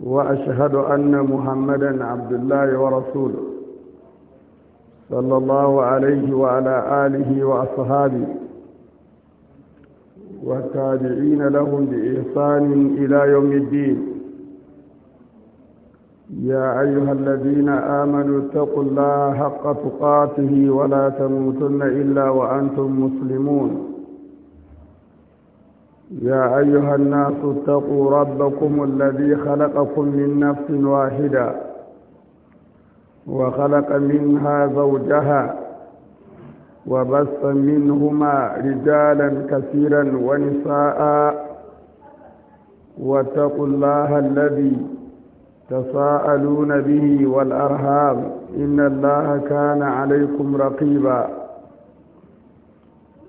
وأشهد أن محمدا عبد الله ورسوله صلى الله عليه وعلى آله وأصحابه والتابعين لهم بإحسان إلى يوم الدين يا أيها الذين آمنوا اتقوا الله حق تقاته ولا تموتن إلا وأنتم مسلمون يا أيها الناس اتقوا ربكم الذي خلقكم من نفس واحدة وخلق منها زوجها وبث منهما رجالا كثيرا ونساء واتقوا الله الذي تساءلون به والأرهاب إن الله كان عليكم رقيباً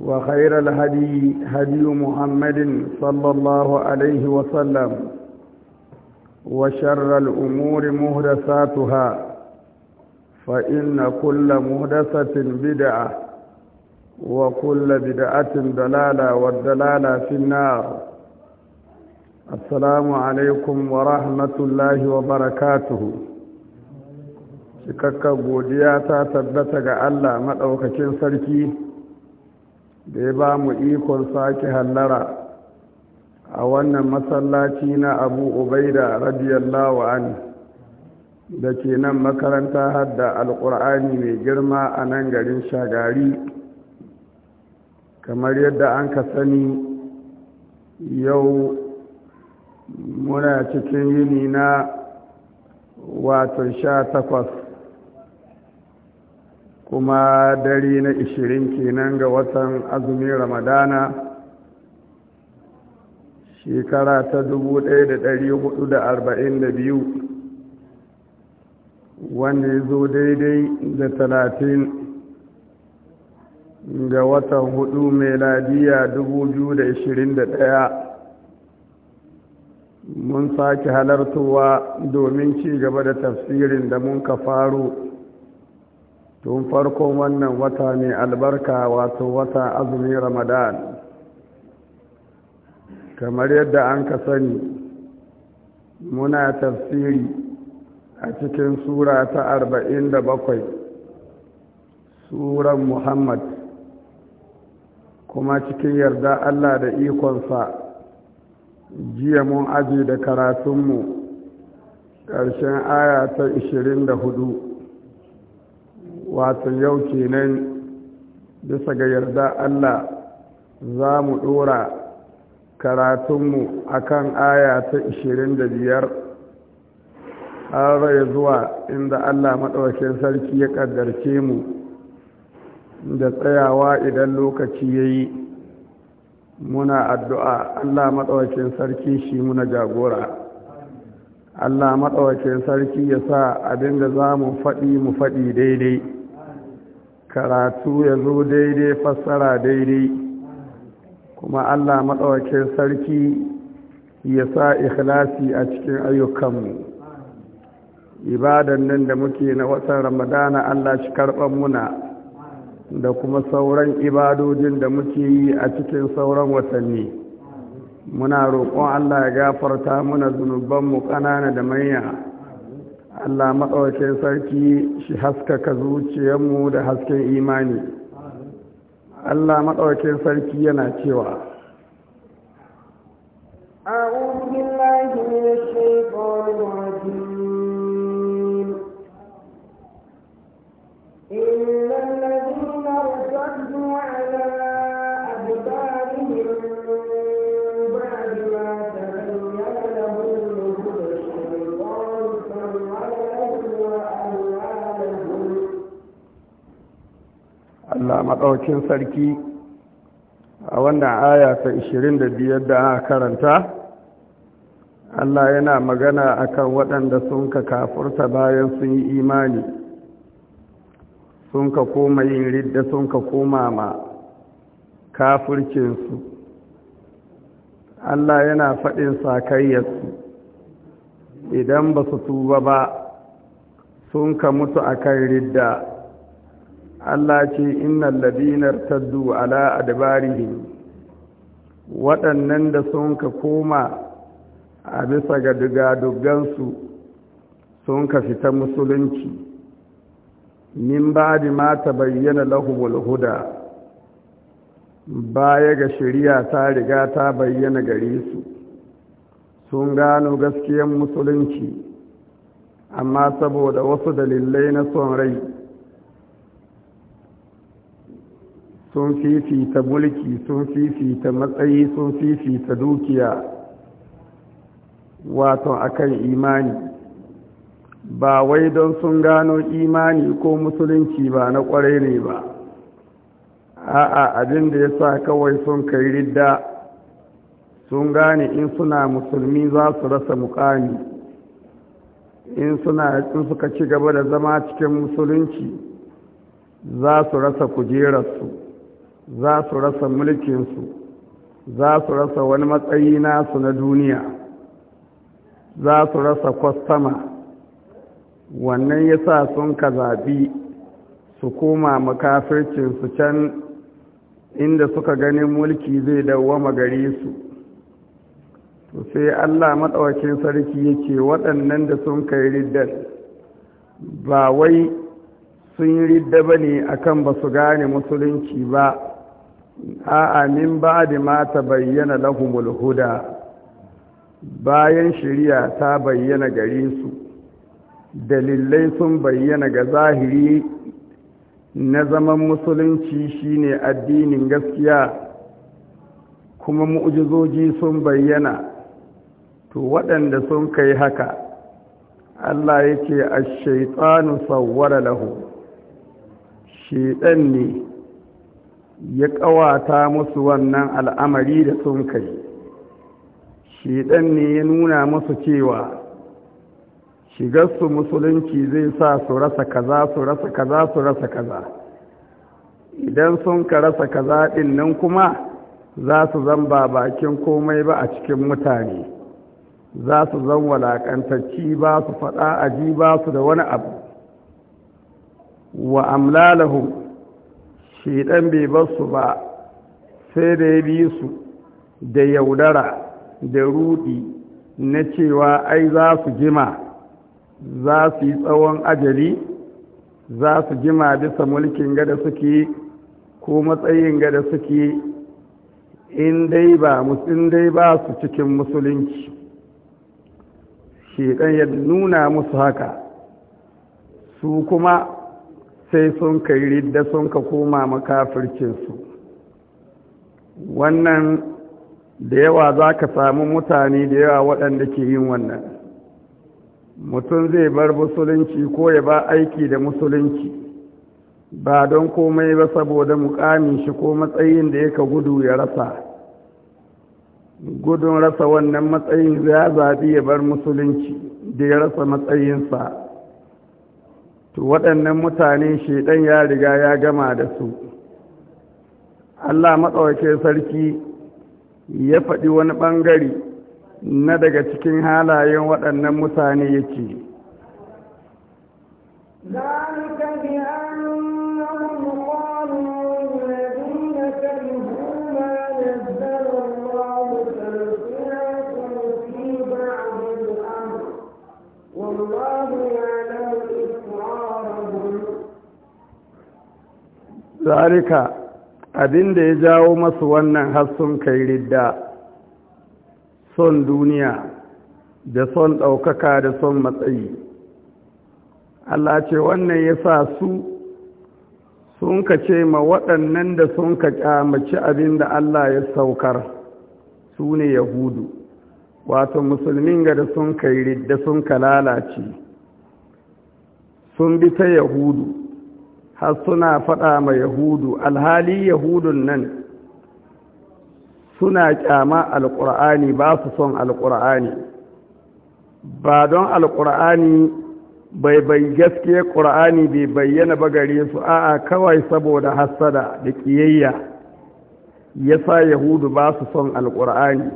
وخير الهدي هدي محمد صلى الله عليه وسلم وشر الأمور مهدساتها فإن كل مهدسة بدعة وكل بدعة دلالة والدلالة في النار السلام عليكم ورحمة الله وبركاته cikakkar godiya ta tabbata ga Allah maɗaukakin da ya ba mu ikon sake hallara a wannan masallaci na abu ubaida radiyallahu an da ke nan makaranta hadda alkur'ani mai girma a nan garin shagari kamar yadda an ka sani yau muna cikin yini na watan sha takwas kuma dare na 20 kenan ga watan azumin ramadana shekara ta 1442 wanda ya zo daidai da 30 ga watan hudu meladiya 2021 mun sake halartowa domin ci gaba da tafsirin da mun ka faro tun farkon wannan wata ne albarka wato wata azumi ramadan kamar yadda an ka sani muna tafsiri a cikin sura ta arba'in da bakwai suran muhammad kuma cikin yarda allah da ikonsa jiya mun aji da karatunmu ƙarshen aya ta da hudu. wato yau kenan bisa ga yarda Allah za mu ɗora karatunmu a kan aya ta 25 Har rai zuwa inda Allah maɗaukin sarki ya ƙaddarce mu da tsayawa idan lokaci ya yi muna addu'a Allah maɗaukin sarki shi muna jagora Allah maɗaukin sarki ya sa abin da za mu faɗi mu faɗi daidai karatu ya zo daidai fassara daidai kuma allah matsawakin sarki ya sa ikhlasi a cikin ayyukanmu ibadan nan da muke na watan ramadana allah shi karɓar muna da kuma sauran ibadojin da muke yi a cikin sauran watanni muna roƙon allah ya gafarta muna zunubanmu ƙanana da manya Allah maɗaukin sarki shi haskaka zuciyarmu da hasken imani Allah maɗaukin sarki yana cewa maɗaukin sarki a wannan aya ta 25 da aka karanta Allah yana magana akan waɗanda sun ka kafurta bayan sun yi imani sun ka koma yin ridda sun ka koma ma kafurcinsu Allah yana faɗin sakayyarsu idan ba su tuba ba sun ka mutu akan ridda Allah ce innan ladinar taddu ala adbarihim waɗannan da sun ka koma a bisa ga dugadugansu sun ka fita musulunci min ba da mata bayyana lahumul huda baya ga shari'a ta riga ta bayyana gare su sun gano gaskiyan musulunci amma saboda wasu dalilai na son rai sun fifita mulki sun fifita matsayi sun fifita dukiya wato akan imani ba wai don sun gano imani ko musulunci ba na kwarai ne ba a'a abin da ya sa kawai sun kai ridda sun gane in suna musulmi za su rasa mukami in suna in suka ci gaba da zama cikin musulunci za su rasa kujerarsu za su rasa mulkinsu za su rasa wani matsayi nasu na duniya za su rasa kwastama wannan ya sa sun ka zaɓi su koma makafircinsu can inda suka ganin mulki zai dawwama gare su to sai allah maɗaukin sarki yake waɗannan da sun kai riddar ba wai sun yi ridda ba ne akan ba su gane musulunci ba a'a min ba'di ma bayyana lahumul huda bayan shari'a ta bayyana gare su dalilai sun bayyana ga zahiri na zaman musulunci shine addinin gaskiya kuma mu'jizoji sun bayyana to waɗanda sun kai haka Allah yake ash-shaytanu sawwara lahu shaytan ne ya ƙawata musu wannan al'amari da sun kai shiɗan ne ya nuna musu cewa shigarsu musulunci zai sa su rasa kaza su rasa kaza su rasa kaza idan sun ka rasa kaza ɗin nan kuma za su zan ba bakin komai ba a cikin mutane za su zan walakantacci ba su faɗa aji ba su da wani abu wa amlalahum shiɗan bai basu ba sai da ya bi su da yaudara da rudi na cewa ai za su jima za su yi tsawon ajali za su jima bisa mulkin gada suke ko matsayin gada suke in dai ba musulun dai ba su cikin musulunci shekan ya nuna musu haka su kuma sai sun ka yi ridda sun ka koma makafircinsu wannan da yawa za ka samu mutane da yawa waɗanda ke yin wannan mutum zai bar musulunci ko ya ba aiki da musulunci ba don komai ba saboda mukamin shi ko matsayin da yaka gudu ya rasa gudun rasa wannan matsayin ya zaɓi ya bar musulunci da ya rasa matsayinsa to waɗannan mutane ɗan ya riga ya gama da su Allah maɗauke sarki ya faɗi wani ɓangare na daga cikin halayen waɗannan mutane ya ce zalika abinda ya jawo masu wannan hassun kai ridda son duniya da son ɗaukaka da son matsayi Allah ce wannan ya sa su sun ka ce ma waɗannan da sun ka ƙyamaci abin da Allah ya saukar su ne yahudu wato musulmin ga da sun kai ridda sun ka lalace sun bi ta yahudu har suna faɗa ma yahudu alhali yahudun nan suna kyama alƙur'ani ba su son alƙur'ani ba don alƙur'ani bai bai gaske ƙur'ani bai bayyana ba gare su a'a kawai saboda hassada da ƙiyayya ya sa yahudu ba su son alƙur'ani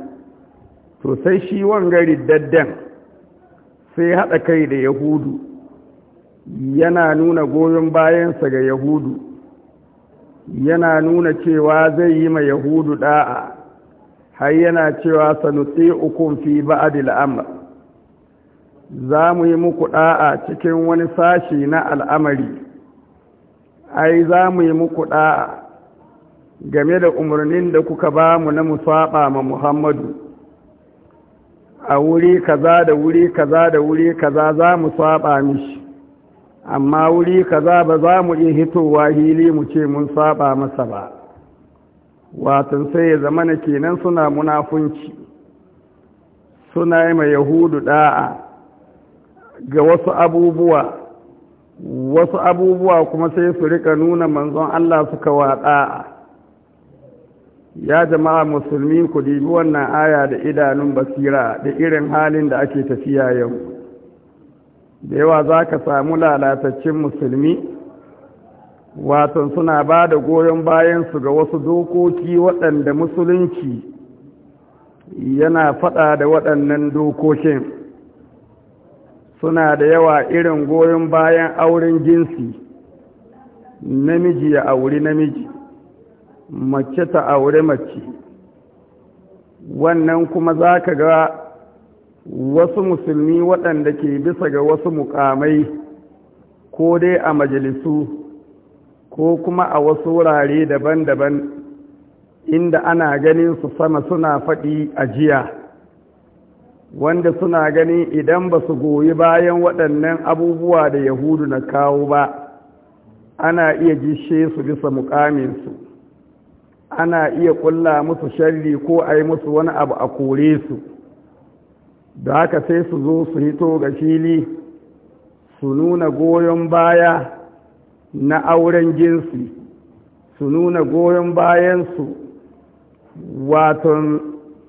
to sai shi wangari daddan sai haɗa kai da yahudu yana nuna goyon bayansa ga yahudu yana nuna cewa zai yi ma yahudu da'a har yana cewa sanutse ukun fi ba'adil amr za mu yi muku da'a cikin wani sashi na al'amari ai za mu yi muku da'a game da umarnin da kuka ba mu na musaba ma muhammadu a wuri kaza da wuri kaza da wuri kaza za mu saba mishi amma wuri kaza ba za mu iya hitowa hili mu ce mun saba masa ba watan sai ya na kenan suna munafunci suna yi mai yahudu da'a ga wasu abubuwa wasu abubuwa kuma sai su rika nuna manzon Allah suka wa ya jama'a musulmi ku dibi wannan aya da idanun basira da irin halin da ake tafiya yau da yawa za ka samu lalatacin musulmi watan suna ba da goyon bayansu ga wasu dokoki waɗanda musulunci yana faɗa da waɗannan dokokin suna da yawa irin goyon bayan auren jinsi namiji ya auri namiji mace ta aure mace wannan kuma za ka ga wasu musulmi waɗanda ke bisa ga wasu mukamai ko dai a majalisu ko kuma a wasu wurare daban-daban inda ana ganin su sama suna faɗi a jiya wanda suna ganin idan ba su goyi bayan waɗannan abubuwa da yahudu na kawo ba ana iya gishe su bisa mukaminsu ana iya ƙulla musu sharri ko a yi musu wani abu a kore su da haka sai su zo su hito ga fili su nuna goyon baya na auren jinsi su nuna goyon bayansu waton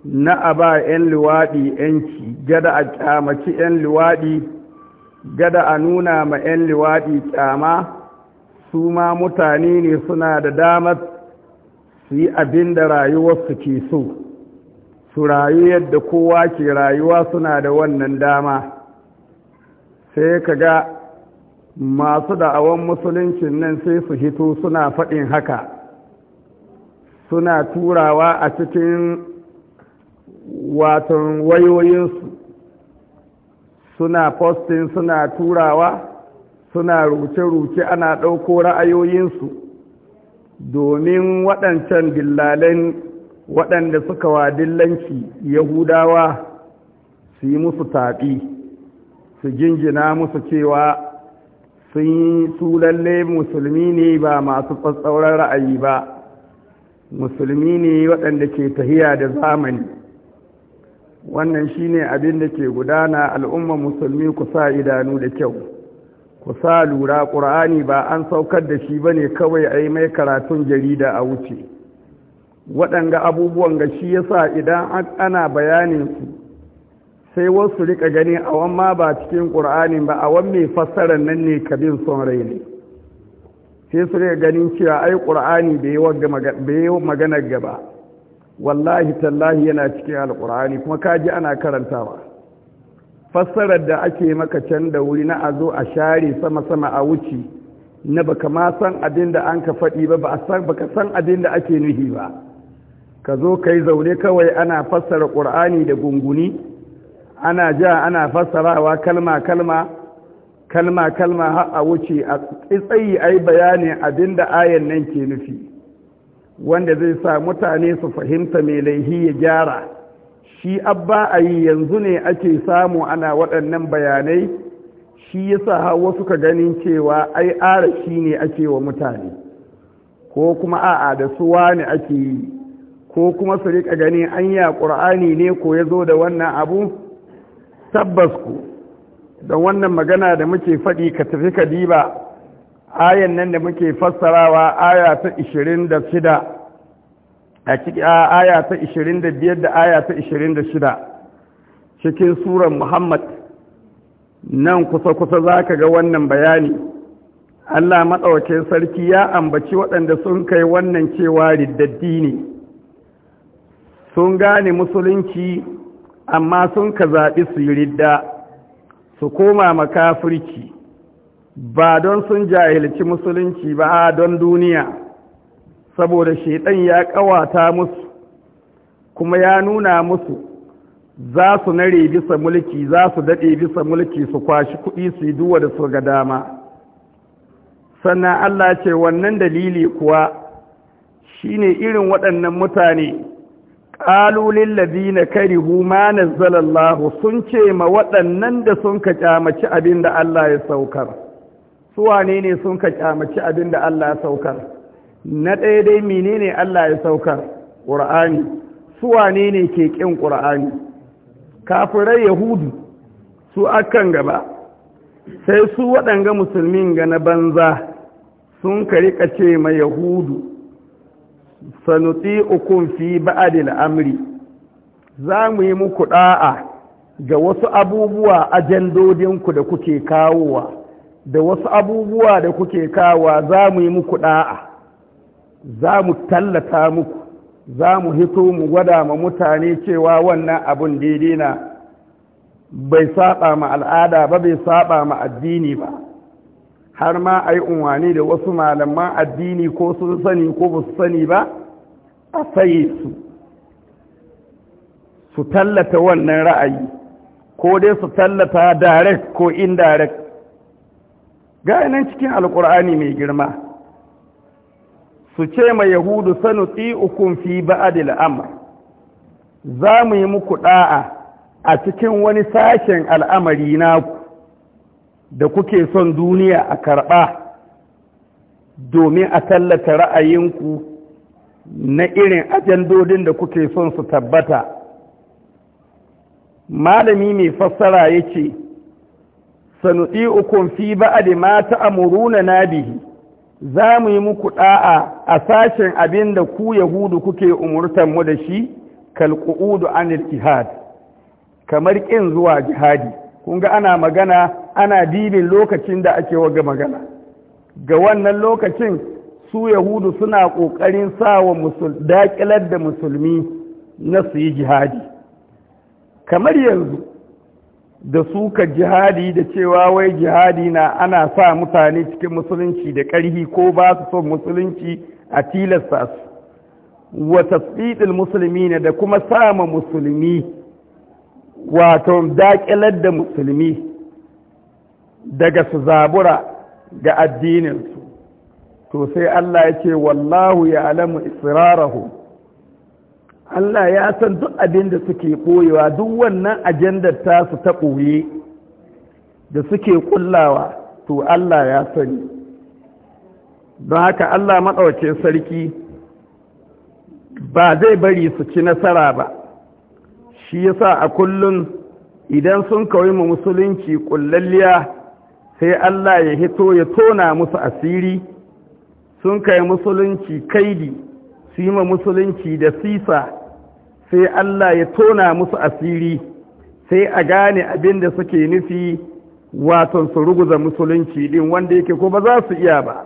na a ba 'yan luwaɗi 'yanci gada a kyamaci 'yan luwaɗi gada a nuna ma 'yan luwaɗi kyama su ma mutane ne suna da damar su yi abin da rayuwarsu ke so su rayu yadda kowa ke rayuwa suna da wannan dama sai ka ga masu da'awan musuluncin nan sai su hito suna faɗin haka suna turawa a cikin watan wayoyinsu suna fostin suna turawa suna ruce-ruce ana ɗauko ra'ayoyinsu domin waɗancan dillalen waɗanda suka wadillanci yahudawa su yi musu taɓi su jinjina musu cewa sun yi su musulmi ne ba masu tsatsauran ra'ayi ba musulmi ne waɗanda ke tahiya da zamani wannan shi ne abin da ke gudana al'ummar musulmi ku sa idanu da kyau ku sa lura ƙur'ani ba an saukar da shi ba ne kawai a yi mai karatun jarida a wuce waɗanga abubuwan ga shi yasa idan ana bayanin su sai wasu rika gani a ma ba cikin ƙur'anin ba a wan mai fassarar nan ne kabin son rai ne sai su rika ganin cewa ai ƙur'ani bai yi maganar gaba wallahi tallahi yana cikin alƙur'ani kuma kaji ana karantawa fassarar da ake maka can da wuri na a zo a share sama-sama a wuce na baka ma san abin da an ka faɗi ba ba ka san abin da ake nuhi ba ka zo ka yi zaune kawai ana fassara ƙur'ani da gunguni ana ja ana fassarawa kalma-kalma kalma-kalma a wuce a tsayi a yi bayanin abin da ayan nan ke nufi wanda zai sa mutane su fahimta mai laihi ya gyara shi abba a yi yanzu ne ake samu ana waɗannan bayanai shi yasa har wasu ka ganin cewa ai ara shi ne ake wa mutane ko kuma a'a da suwa ne ake yi ko kuma su rika gani anya ƙur'ani ne ko ya zo da wannan abu tabbas ku da wannan magana da muke faɗi ka tafi ka diba ayan nan da muke fassarawa aya ta 26 a cikin aya ta 25 da aya ta 26 cikin suran Muhammad nan kusa-kusa za ka ga wannan bayani Allah maɗaukin sarki ya ambaci waɗanda sun kai wannan cewa riddaddi ne sun gane musulunci amma sun ka zaɓi su yi ridda su koma makafirci ba don sun jahilci musulunci ba a don duniya saboda shaidan ya ƙawata musu kuma ya nuna musu za su nare bisa mulki za su daɗe bisa mulki su kwashi kuɗi su yi duwa da su ga dama sannan Allah ce wannan dalili kuwa shine irin waɗannan mutane qalu lil ladina karihu ma nazzala Allah sun ce ma waɗannan da sun ka kyamaci abin da Allah ya saukar su wane ne sun ka kyamaci abin da Allah ya saukar na ɗaya dai menene Allah ya saukar Qur'ani su wane ne ke kin Qur'ani kafirai yahudu su akan gaba sai su waɗanga musulmin ga na banza sun ka rika ce ma yahudu sanuti ukun fi ba'adil amri za mu yi muku da'a ga wasu abubuwa ajandodinku da kuke kawowa da wasu abubuwa da kuke kawowa za mu yi muku da'a za mu tallata muku za mu hito mu gwada ma mutane cewa wannan abun daidai na bai saba ma al'ada ba bai saba ma addini ba har ma a yi unwani da wasu malaman addini ko sun sani ko ba su sani ba a saye su su tallata wannan ra'ayi ko dai su tallata direct ko indirect ga nan cikin alkur'ani mai girma su ce ma yahudu sanu tsi'ukun fi ba'adil amr za mu yi muku da'a a cikin wani sashen al'amari naku da kuke son duniya a karɓa domin a tallata ra'ayinku na irin ajandodin da kuke son su tabbata malami mai fassara ya ce sanuɗi ukun fi ba'adi mata muruna na bihi za mu yi muku ɗa'a a sashen abin da ku yahudu kuke umurtan mu da shi kalƙu'udu anil jihad kamar ƙin zuwa jihadi kun ga ana magana ana dibin lokacin da ake waga magana ga wannan lokacin su yahudu suna ƙoƙarin wa daƙilar da musulmi na su yi jihadi kamar yanzu da suka jihadi da cewa wai jihadi na ana sa mutane cikin musulunci da ƙarfi ko ba su son musulunci a tilasta su wa tasdidil musulmi da kuma sama musulmi wato daƙilar da musulmi daga su zabura ga addininsu to sai Allah ya ce wallahu ya alamu israrahu Allah ya san duk abin da suke koyewa duk wannan ajandar tasu ta ɓoye da suke kullawa to Allah ya sani don haka Allah maɗaukin sarki ba zai bari su ci nasara ba shi yasa a kullum idan sun kawai mu musulunci kullalliya sai Allah ya hito ya tona musu asiri sun kai musulunci kaidi su yi ma musulunci da sisa sai Allah ya tona musu asiri sai a gane abin da suke nufi waton su ruguza musulunci din wanda yake ko ba za su iya ba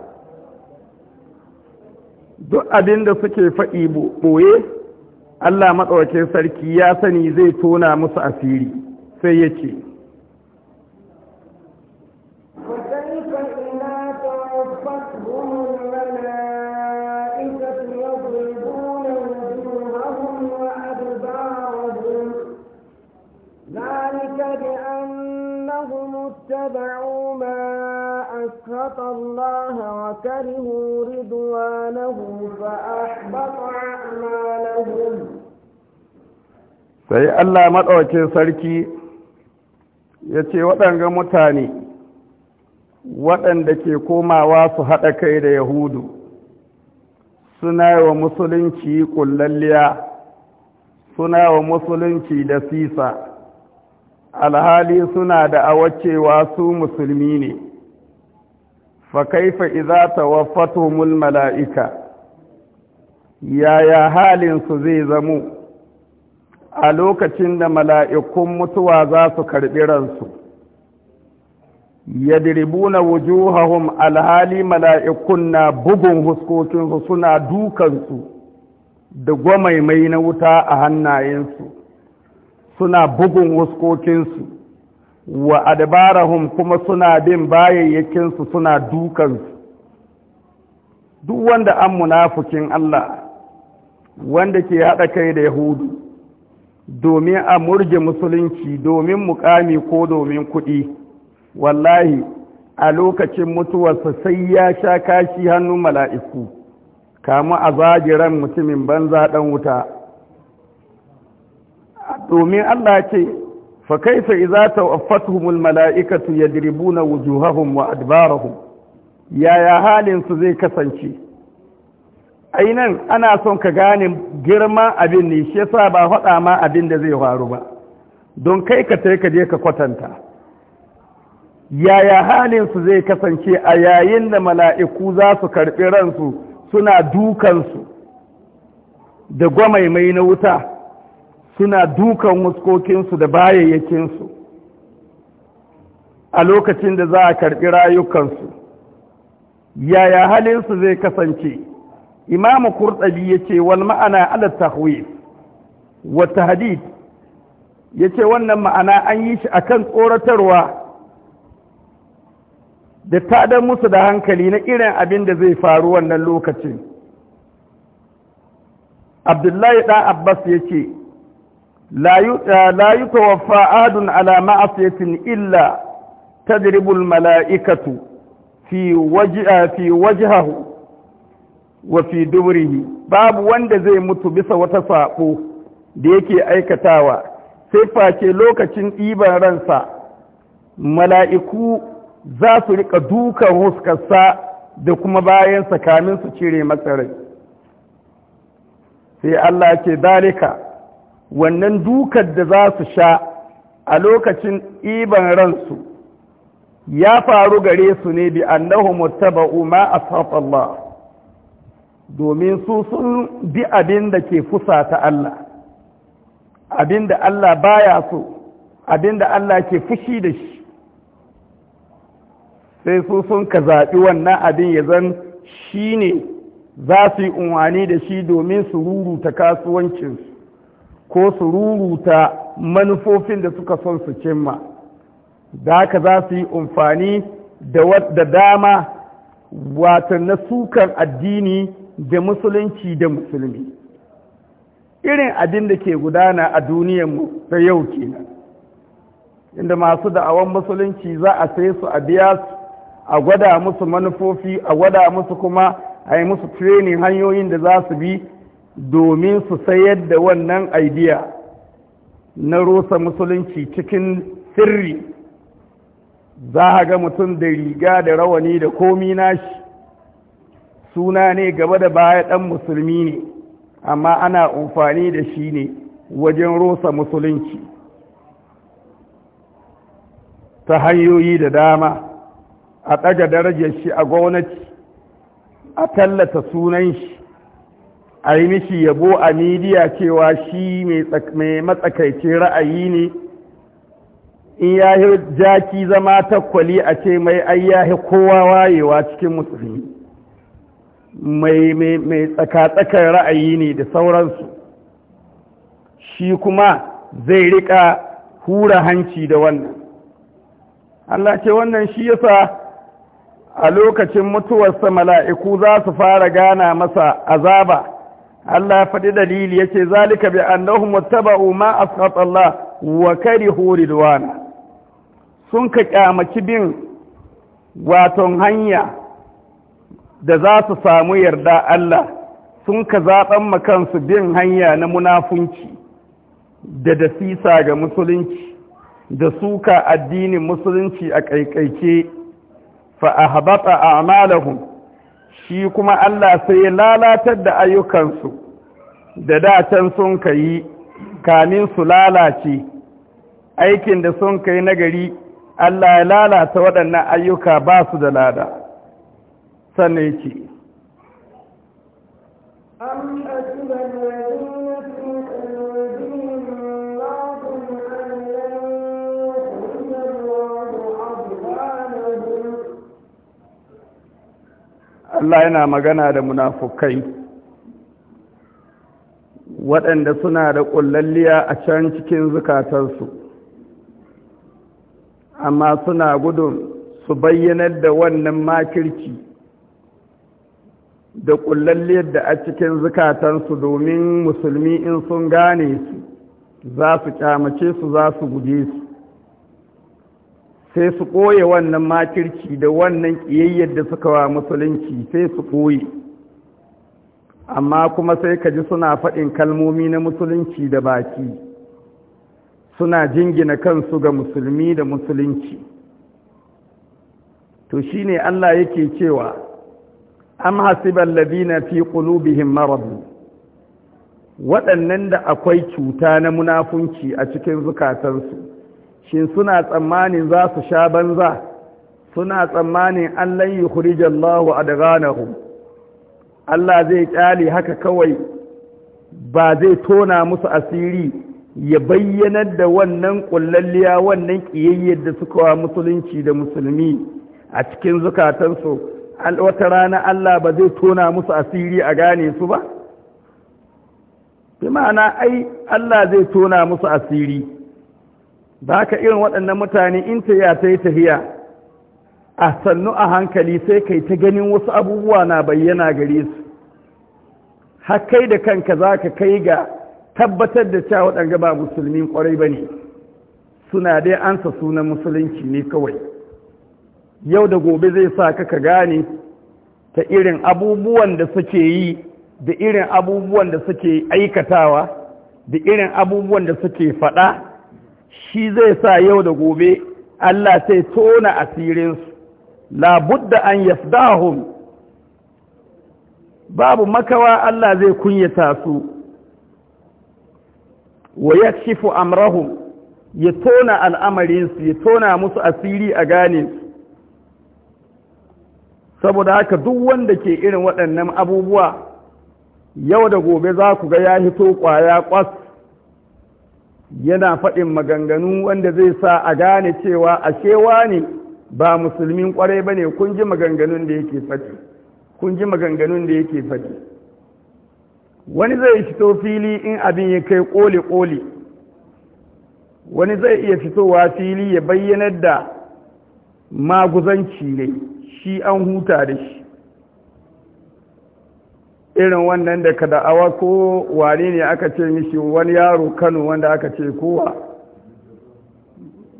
duk abin da suke faɗi ɓoye Allah matsawacin sarki ya sani zai tona musu asiri sai ya ce اتبعوا ما أسخط الله وكرهوا رضوانه فأحبط أعمالهم sai Allah maɗaukin sarki ya ce waɗanga mutane waɗanda ke komawa su haɗa kai da yahudu suna yi wa musulunci ƙullalliya suna wa musulunci da sisa alhali suna da awacewa su musulmi ne fa kaifa idza tawaffatuhumul mala'ika yaya halin su zai zamo a lokacin da mala'ikun mutuwa za su karɓi ransu yadribuna wujuhahum alhali mala'ikun na bugun huskokinsu suna dukansu da gwamaimai na wuta a hannayensu suna bugun wuskokinsu wa adabarahun kuma suna bin bayayyakinsu suna dukansu duk wanda an munafukin Allah wanda ke haɗa kai da yahudu domin a murje musulunci domin mukami ko domin kuɗi wallahi a lokacin mutuwarsa sai ya sha kashi hannun mala'iku kamu a zagiran mutumin banza ɗan wuta domin Allah ce fa kaifa idza tawaffatuhumul mala'ikatu yadribuna wujuhahum wa adbarahum yaya halin su zai kasance ainan ana son ka gane girma abin ne shi yasa ba faɗa ma abin da zai faru ba don kai ka tai ka je ka kwatanta yaya halin su zai kasance a yayin da mala'iku za su karɓi ransu suna dukansu da gwamaimai na wuta suna dukan muskokinsu da bayayyakinsu a lokacin da za a karɓi rayukansu yaya halinsu zai kasance imamu kurɗabi ya ce wal ma'ana ala tahwif wa tahdid ya ce wannan ma'ana an yi shi akan tsoratarwa da taɗar musu da hankali na irin abin da zai faru wannan lokacin abdullahi ɗan abbas ya ce la yutawaffa adun ala ma'asiyatin illa tadribu almalaikatu fi wajha fi wa fi babu wanda zai mutu bisa wata saƙo da yake aikatawa sai face lokacin ɗiban ransa mala'iku za su rika duka huskarsa da kuma bayansa kamin su cire matsarai sai Allah ce dalika wannan dukar da za su sha a lokacin iban ransu ya faru gare su ne bi annahu mutaba'u ma ashafa Allah domin su sun bi abin da ke fusata Allah abin da Allah baya so abin da Allah ke fushi da shi sai su sun ka zaɓi wannan abin ya zan shi ne za su yi unwani da shi domin su ruruta kasuwancinsu ko su ruruta manufofin da suka son su cimma da haka za su yi amfani da dama wata na sukan addini da musulunci da musulmi irin abin da ke gudana a duniyar mu da yau kenan inda masu da'awan musulunci za a sai su a biya su a gwada musu manufofi a gwada musu kuma a yi musu training hanyoyin da za su bi domin su sayar da wannan aidiya na rosa musulunci cikin sirri za a ga mutum da riga da rawani da komi nashi suna ne gaba da baya ɗan musulmi ne amma ana amfani da shi ne wajen rosa musulunci ta hanyoyi da dama a ɗaga darajar shi a gwamnati a tallata sunan shi a yi mishi yabo a midiya cewa shi mai matsakaici ra'ayi ne in ya yi jaki zama takwali a ce mai ayyahi kowa wayewa cikin musulmi mai tsaka ra'ayi ne da sauransu shi kuma zai rika hura hanci da wannan Allah ce wannan shi yasa a lokacin mutuwarsa mala'iku za su fara gana masa azaba Allah ya faɗi dalili yace zalika bi annahum muttaba'u ma asqata Allah wa karihu ridwana sun ka kyamaci bin waton hanya da za su samu yarda Allah sun ka ma kansu bin hanya na munafunci da dasisa ga musulunci da suka addinin musulunci a ƙaiƙaice fa a habata a amalahun shi kuma Allah sai ya lalatar da ayyukansu da datan sun ka yi kamin su lalace aikin da sun kai yi nagari Allah ya lalata waɗannan ayyuka ba su da lada sannan ce Allah yana magana da munafukai waɗanda suna da ƙullalliya a can cikin zukatansu, amma suna gudun su bayyanar da wannan makirci da ƙullalliyar da a cikin zukatarsu domin musulmi in sun gane su za su kyamace su za su guje su sai su ɓoye wannan makirci da wannan ƙiyayyar da suka wa musulunci sai su ɓoye amma kuma sai ka ji suna faɗin kalmomi na musulunci da baki suna jingina kansu ga musulmi da musulunci to shine Allah yake cewa am hasiban ladina fi ƙulubihin marabu waɗannan da akwai cuta na munafunci a cikin zukatansu shin suna tsammanin za su sha banza suna tsammanin Allah yi hurijallahu a daganahum Allah zai kyale haka kawai ba zai tona musu asiri ya bayyanar da wannan kullalliya wannan ƙiyayyar da suka wa musulunci da musulmi a cikin zukatansu wata rana Allah ba zai tona musu asiri a gane su ba bi ma'ana ai Allah zai tona musu asiri Ba ka irin waɗannan mutane in ta ya ta yi tafiya a sannu a hankali sai kai ta ganin wasu abubuwa na bayyana gare su kai da kanka za ka kai ga tabbatar da cewa waɗanga ba musulmi ƙwarai ba ne suna dai ansa sunan musulunci ne kawai yau da gobe zai sa ka ka gane ta irin abubuwan da suke yi da irin abubuwan da suke aikatawa da irin abubuwan da suke faɗa shi zai sa yau da gobe Allah sai tona asirinsu labudda an yafdahum babu makawa Allah zai kunyata su wa yakshifu amrahum ya tona al'amarinsu ya tona musu asiri a gane saboda haka duk wanda ke irin waɗannan abubuwa yau da gobe za ku ga ya hito ƙwaya ƙwas yana faɗin maganganu wanda zai sa a gane cewa a shewa ne ba musulmin ƙwarai ba ne kun ji maganganun da yake faɗi kun ji maganganun da yake faɗi wani zai fito fili in abin ya kai ƙole-ƙole wani zai iya fitowa fili ya bayyanar da maguzanci ne shi an huta da shi irin wannan da ka da'awa ko wani ne aka ce mishi wani yaro kano wanda aka ce kowa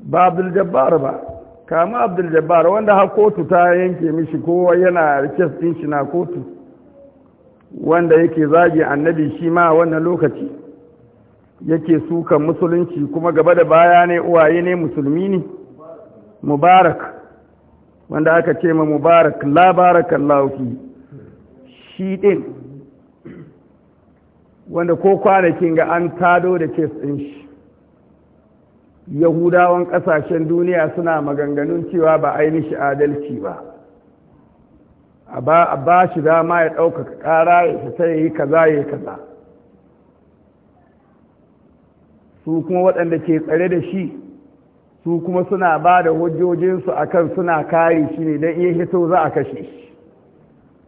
ba abdul jabbar ba kama abdul jabbar wanda har kotu ta yanke mishi kowa yana rikis din shi na kotu wanda yake zagi annabi shi ma wannan lokaci yake sukan musulunci kuma gaba da baya ne uwaye ne musulmi ne mubarak wanda aka ce ma mubarak la barakallahu shi ɗin. wanda ko kwanakin ga an tado da kes ɗin shi yahudawan ƙasashen duniya suna maganganun cewa ba ainihi adalci ba a ba shi dama ya ɗaukaka ƙara ya fita ya yi kaza ya yi kaza su kuma waɗanda ke tsare da shi su kuma suna ba da hujjojinsu a kan suna kare shi ne don iya hito za a kashe shi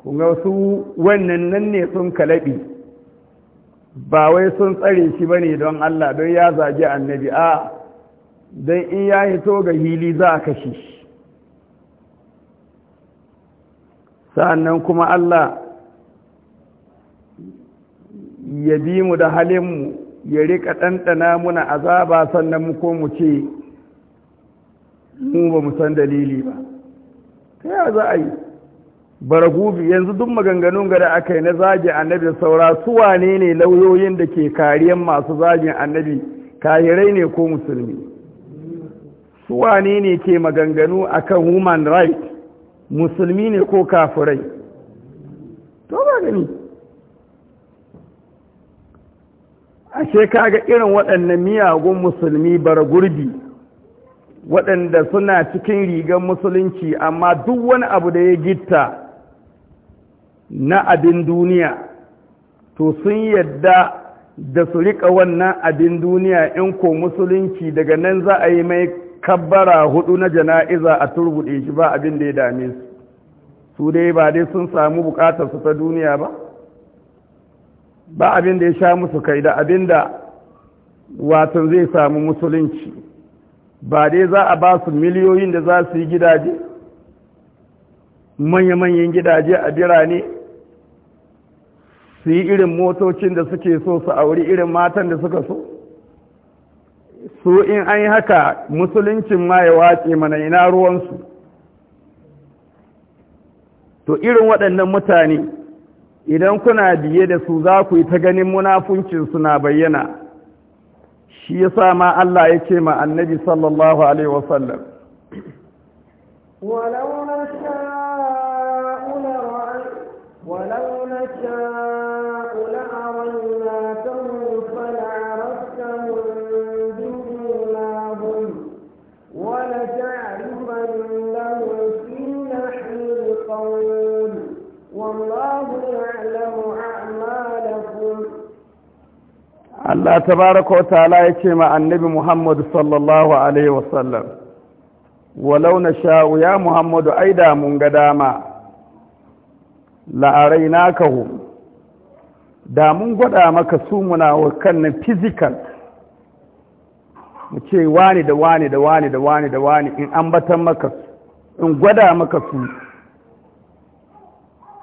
kunga su wannan nan ne sun kalaɓi ba wai sun tsare shi ba ne don Allah don ya zagi annabi a don in ya hito ga hili za a kashe shi sa'annan kuma Allah ya bi mu da halinmu ya rika ɗanɗana muna azaba sannan mu ko mu ce mu ba mu san dalili ba ta ya za a yi baragubi yanzu duk maganganun gada aka yi na zagin annabi saura su wane ne lauyoyin da ke kariyan masu zagin annabi kahirai ne ko musulmi su wane ne ke maganganu akan human right musulmi ne ko kafirai to ba gani ashe kaga irin waɗannan miyagun musulmi baragurbi waɗanda suna cikin rigar musulunci amma duk wani abu da ya gitta na abin duniya to sun yadda da su rika wannan abin duniya in ko musulunci daga nan za a yi mai kabbara hudu na jana'iza a turbuɗe shi ba abin da ya dame su su dai ba dai sun samu bukatar su ta duniya ba ba abin da ya sha musu kai da abin da watan zai samu musulunci ba dai za a ba su miliyoyin da za su yi gidaje manya-manyan gidaje a birane su yi irin motocin da suke so su auri irin matan da suka so su in an yi haka musuluncin ma ya wace mana ina ruwansu to irin waɗannan mutane idan kuna biye da su za ku yi ta ganin munafuncinsu na bayyana shi ya sa ma Allah ya ce ma annabi sallallahu alaihi wasallam ولو نشاء Allah baraka wa ta'ala ya ce ma annabi Muhammadu sallallahu alaihi wasallam walau na sha'u ya Muhammadu ai da mun ga dama la'arai naka hu da mun gwada maka su muna wa na physical mu ce wani da wani da wani da wani da wani in ambatan maka su in gwada maka su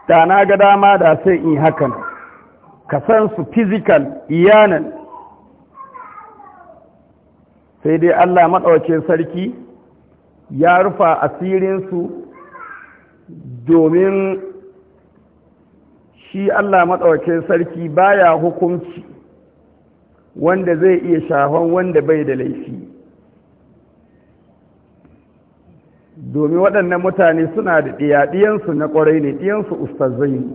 da na ga dama da sai in hakan ka san su physical iyanan sai dai Allah maɗaukin sarki ya rufa asirinsu domin shi Allah maɗaukin sarki baya hukunci wanda zai iya shahon wanda bai da laifi domin waɗannan mutane suna da ɗiya, ɗiyaɗiyansu na ƙwarai ne ɗiyansu ustazai ne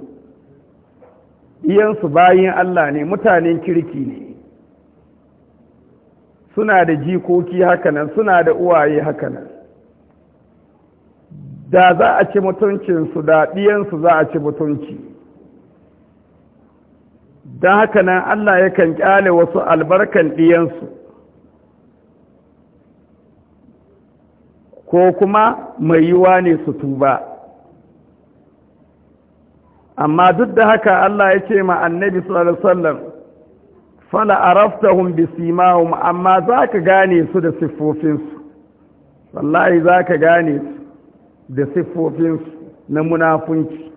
ɗiyansu bayin Allah ne mutanen kirki ne suna da jikoki hakanan suna da uwaye hakanan da za a ci mutuncinsu da ɗiyansu za a ci mutunci don hakanan nan Allah yakan kyale wasu albarkan ɗiyansu ko kuma mai yiwa ne su tuba amma duk da haka Allah ya ce ma annabi sallallahu alaihi wasallam fala araftahum simahum amma zaka gane su da siffofinsu wallahi zaka gane su da siffofinsu na munafunci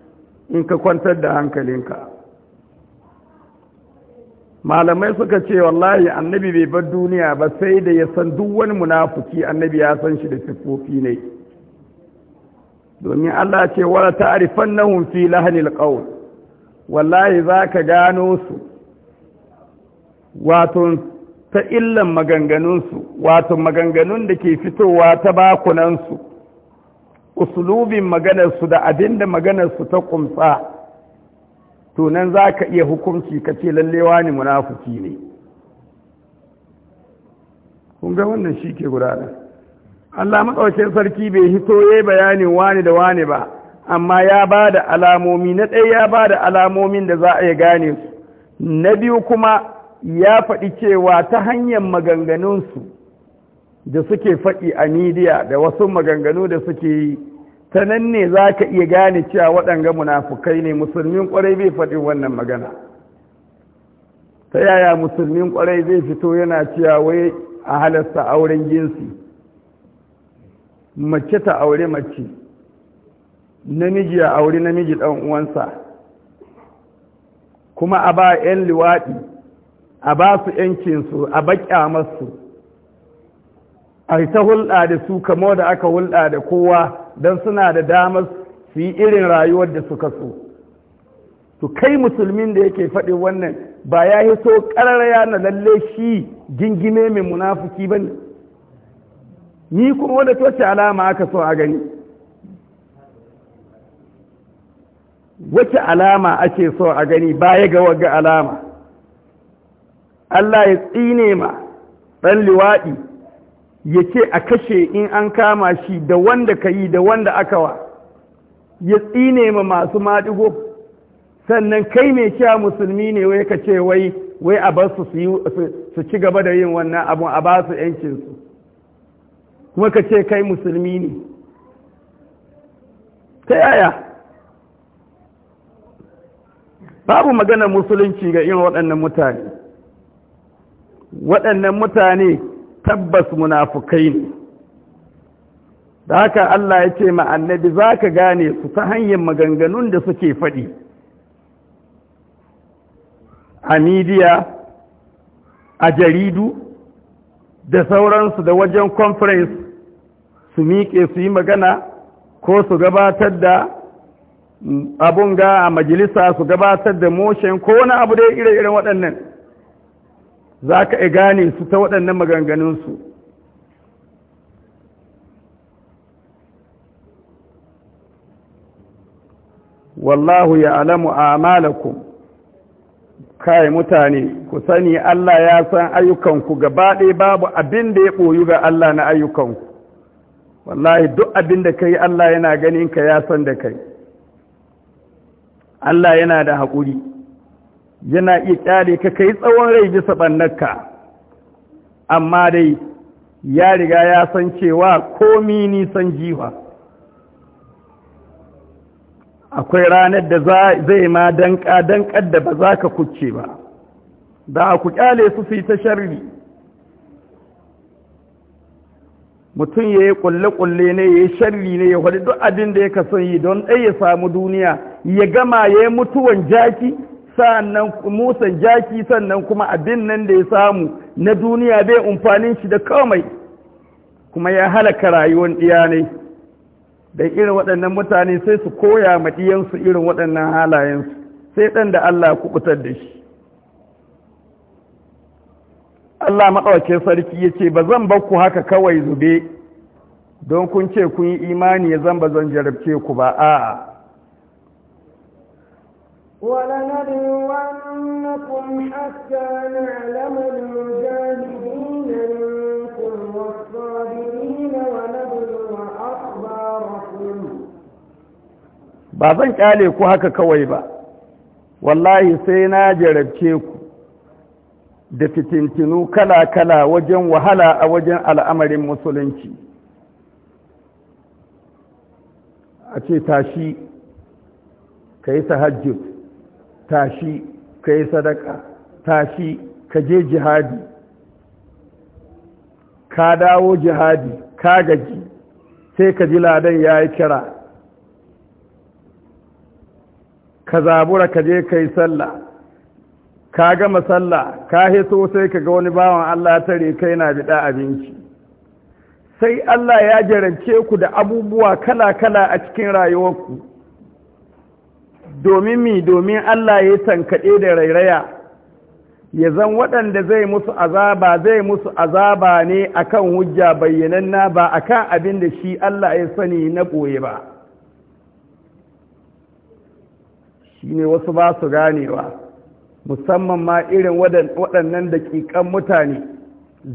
in ka kwantar da hankalinka malamai suka ce wallahi annabi bai bar duniya ba sai da ya san duk wani munafuki annabi ya san shi da siffofi ne domin Allah ce wala ta'rifannahum fi lahnil qawl wallahi zaka gano su wato ta illan maganganunsu wato maganganun da ke fitowa ta bakunansu usulubin maganarsu da abin da maganarsu ta kumsa tunan za ka iya hukunci ka ce lallewa ne munafuki ne ga wannan shi ke gudana Allah matsaukin sarki bai hito ya bayanin wani da wani ba amma ya ba da alamomi na ɗaya ya ba da alamomin da za a iya gane su na biyu kuma ya faɗi cewa ta hanyar maganganunsu da suke faɗi a midiya da wasu maganganu da suke yi ta nan ne za ka iya gane cewa waɗanga munafukai ne musulmin ƙwarai bai faɗi wannan magana ta yaya musulmin ƙwarai zai fito yana cewa wai a halasta auren jinsi mace ta aure mace namiji a aure namiji ɗan uwansa kuma a ba 'yan liwaɗi a ba su yankinsu a baƙya masu a ta hulɗa da su kamo da aka hulɗa da kowa don suna da damar su yi irin rayuwar da suka so to kai musulmin da yake faɗi wannan ba ya yi so ƙararraya na lalle shi gingime mai munafuki ba ne ni kuma wanda toce alama aka so a gani wace alama ake so a gani baya ga waga alama Allah ya tsine ma ɗan liwaɗi ya ce a kashe in an kama shi da wanda ka yi da wanda aka wa ya tsine ma masu maɗigo sannan kai mai cewa musulmi ne wai ka ce wai wai a bar su su ci gaba da yin wannan abu a ba su yancinsu kuma ka ce kai musulmi ne ta yaya babu maganar musulunci ga irin waɗannan mutane waɗannan mutane tabbas munafukai ne da haka Allah ya ce ma za ka gane su ta hanyar maganganun da suke faɗi a midiya a jaridu da sauransu da wajen conference su miƙe su yi magana ko su gabatar da abunga a majalisa su gabatar da motion ko wani abu da ire-iren waɗannan za ka gane su ta waɗannan maganganunsu wallahu ya alamu amalakum kai mutane ku sani Allah ya san ayyukanku gaba ɗaya babu abin da ya ɓoyu ga Allah na ayyukanku wallahi duk abin da ka yi Allah yana ganin ka ya san da kai Allah yana da haƙuri yana iya kyale ka kai tsawon rai bisa ɓannarka amma dai ya riga ya san cewa komi nisan jiwa akwai ranar da zai ma danka dankar da ba za ka kuce ba da ku kyale su su yi ta sharri mutum ya yi kulle-kulle ne ya yi sharri ne ya wani duk abin da ya kasan yi don ɗaya ya samu duniya ya gama ya yi mutuwan jaki sa'annan Musa, jaki sannan kuma abin nan da ya samu na duniya bai umfanin shi da komai kuma ya halaka rayuwar ɗiya ne da irin waɗannan mutane sai su koya ma ɗiyansu irin waɗannan halayensu sai ɗan da Allah kuɓutar da shi Allah maɗauke sarki ya ce ba zan ku haka kawai zube don kun ce kun yi imani ya zan ba zan jarabce ku ba a'a ولنبلونكم حتى نعلم المجاهدين منكم والصابرين ونبلو أخباركم بعضاً zan لكم هكا كويبا والله سينا wallahi sai da fitintinu kala-kala wajen wahala a wajen al'amarin musulunci a ce tashi ka yi tahajjud tashi ka yi sadaka tashi ka je jihadi ka dawo jihadi ka gaji sai ka ji ladan ya yi kira ka zabura ka je ka yi sallah ka gama sallah ka hito sai ka ga wani bawan Allah tare kai na bida abinci sai Allah ya jarance ku da abubuwa kala-kala a cikin rayuwarku domin mi domin Allah ya tankaɗe da rairaya ya zan waɗanda zai musu azaba zai musu azaba ne akan hujja bayyananna ba akan abin da shi Allah ya sani na ɓoye ba shi ne wasu ba su ganewa musamman ma irin waɗannan daƙiƙan mutane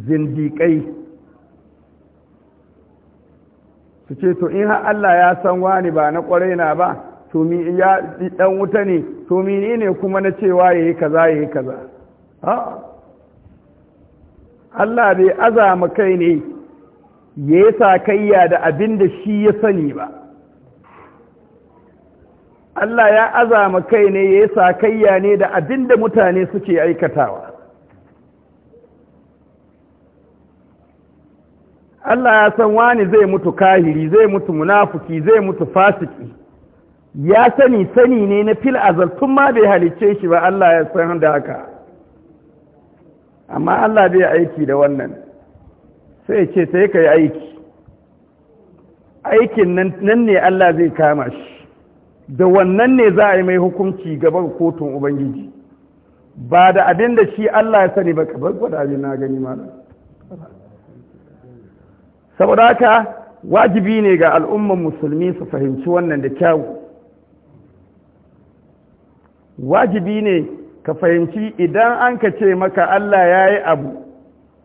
zindiƙai su ce to in ha' Allah ya san wani ba na ƙwarai ba to mi ya dan wuta ne to ne kuma na cewa yayi kaza yayi kaza ha Allah bai azama kai ne ya yi sakayya da abin da shi ya sani ba Allah ya azama kai ne ya yi sakayya ne da abin da mutane suke aikatawa Allah ya san wani zai mutu kahiri zai mutu munafuki zai mutu fasiki ya sani sani ne na fil azal tun ma bai halicce shi ba Allah ya san da haka amma Allah bai aiki da wannan sai ce sai ka yi aiki aikin nan ne Allah zai kama shi da wannan ne za a yi mai hukunci gaban kotun ubangiji ba da abin da shi Allah ya sani ba ka bar gwada abin na gani mana. saboda haka wajibi ne ga al'umman musulmi su fahimci wannan da kyawu wajibi ne ka fahimci idan an ka ce maka Allah ya yi abu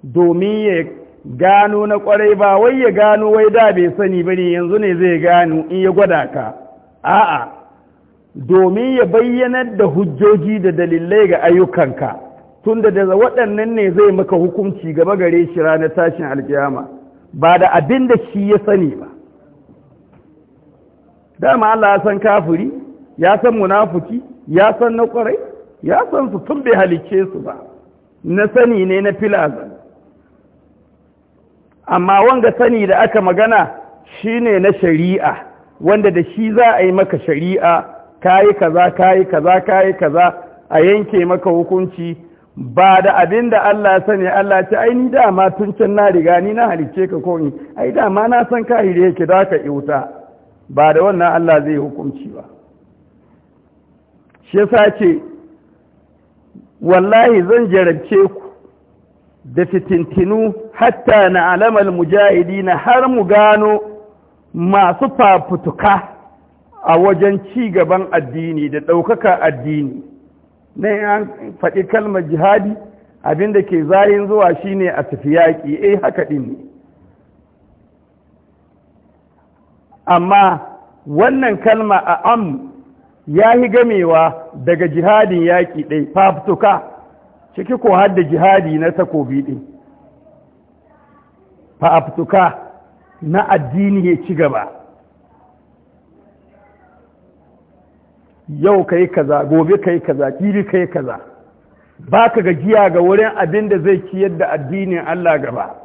domin ya gano na kwarai ba wai ya gano wai da bai sani ba ne yanzu ne zai gano in ya gwada ka a'a domin ya bayyanar da hujjoji da dalilai ga ayyukanka tun da da waɗannan ne zai maka hukunci gaba gare shi ranar tashin alkiyama ba da abin da shi ya sani ba dama Allah san kafiri ya san munafuki ya san na kwarai ya san su tun bai halice su ba na sani ne na filazan amma wanga sani da aka magana shine na shari'a wanda da shi za a yi maka shari'a kayi kaza kayi kaza kayi kaza a yanke maka hukunci ba da abin da Allah sani Allah ce ai ni dama tun can na riga ni na halice ka ko ni ai dama na san kahire yake da ka iuta ba da wannan Allah zai hukunci ba shi sa ce wallahi zan jarabce ku da fitintinu hatta na alamar mujahidi na har mu gano masu fafutuka a wajen ci gaban addini da ɗaukaka addini na an faɗi kalmar jihadi abinda ke zayin zuwa shine a tafi yaƙi eh haka ɗin ne amma wannan kalma a am ya yi gamewa daga jihadin yaƙi ɗai fafutuka ciki ko har jihadi na takobi ɗin fafutuka na addini ya ci gaba yau ka yi kaza gobe ka yi kaza ƙiri ka yi kaza ba ka gajiya ga wurin abin da zai ciyar da addinin Allah gaba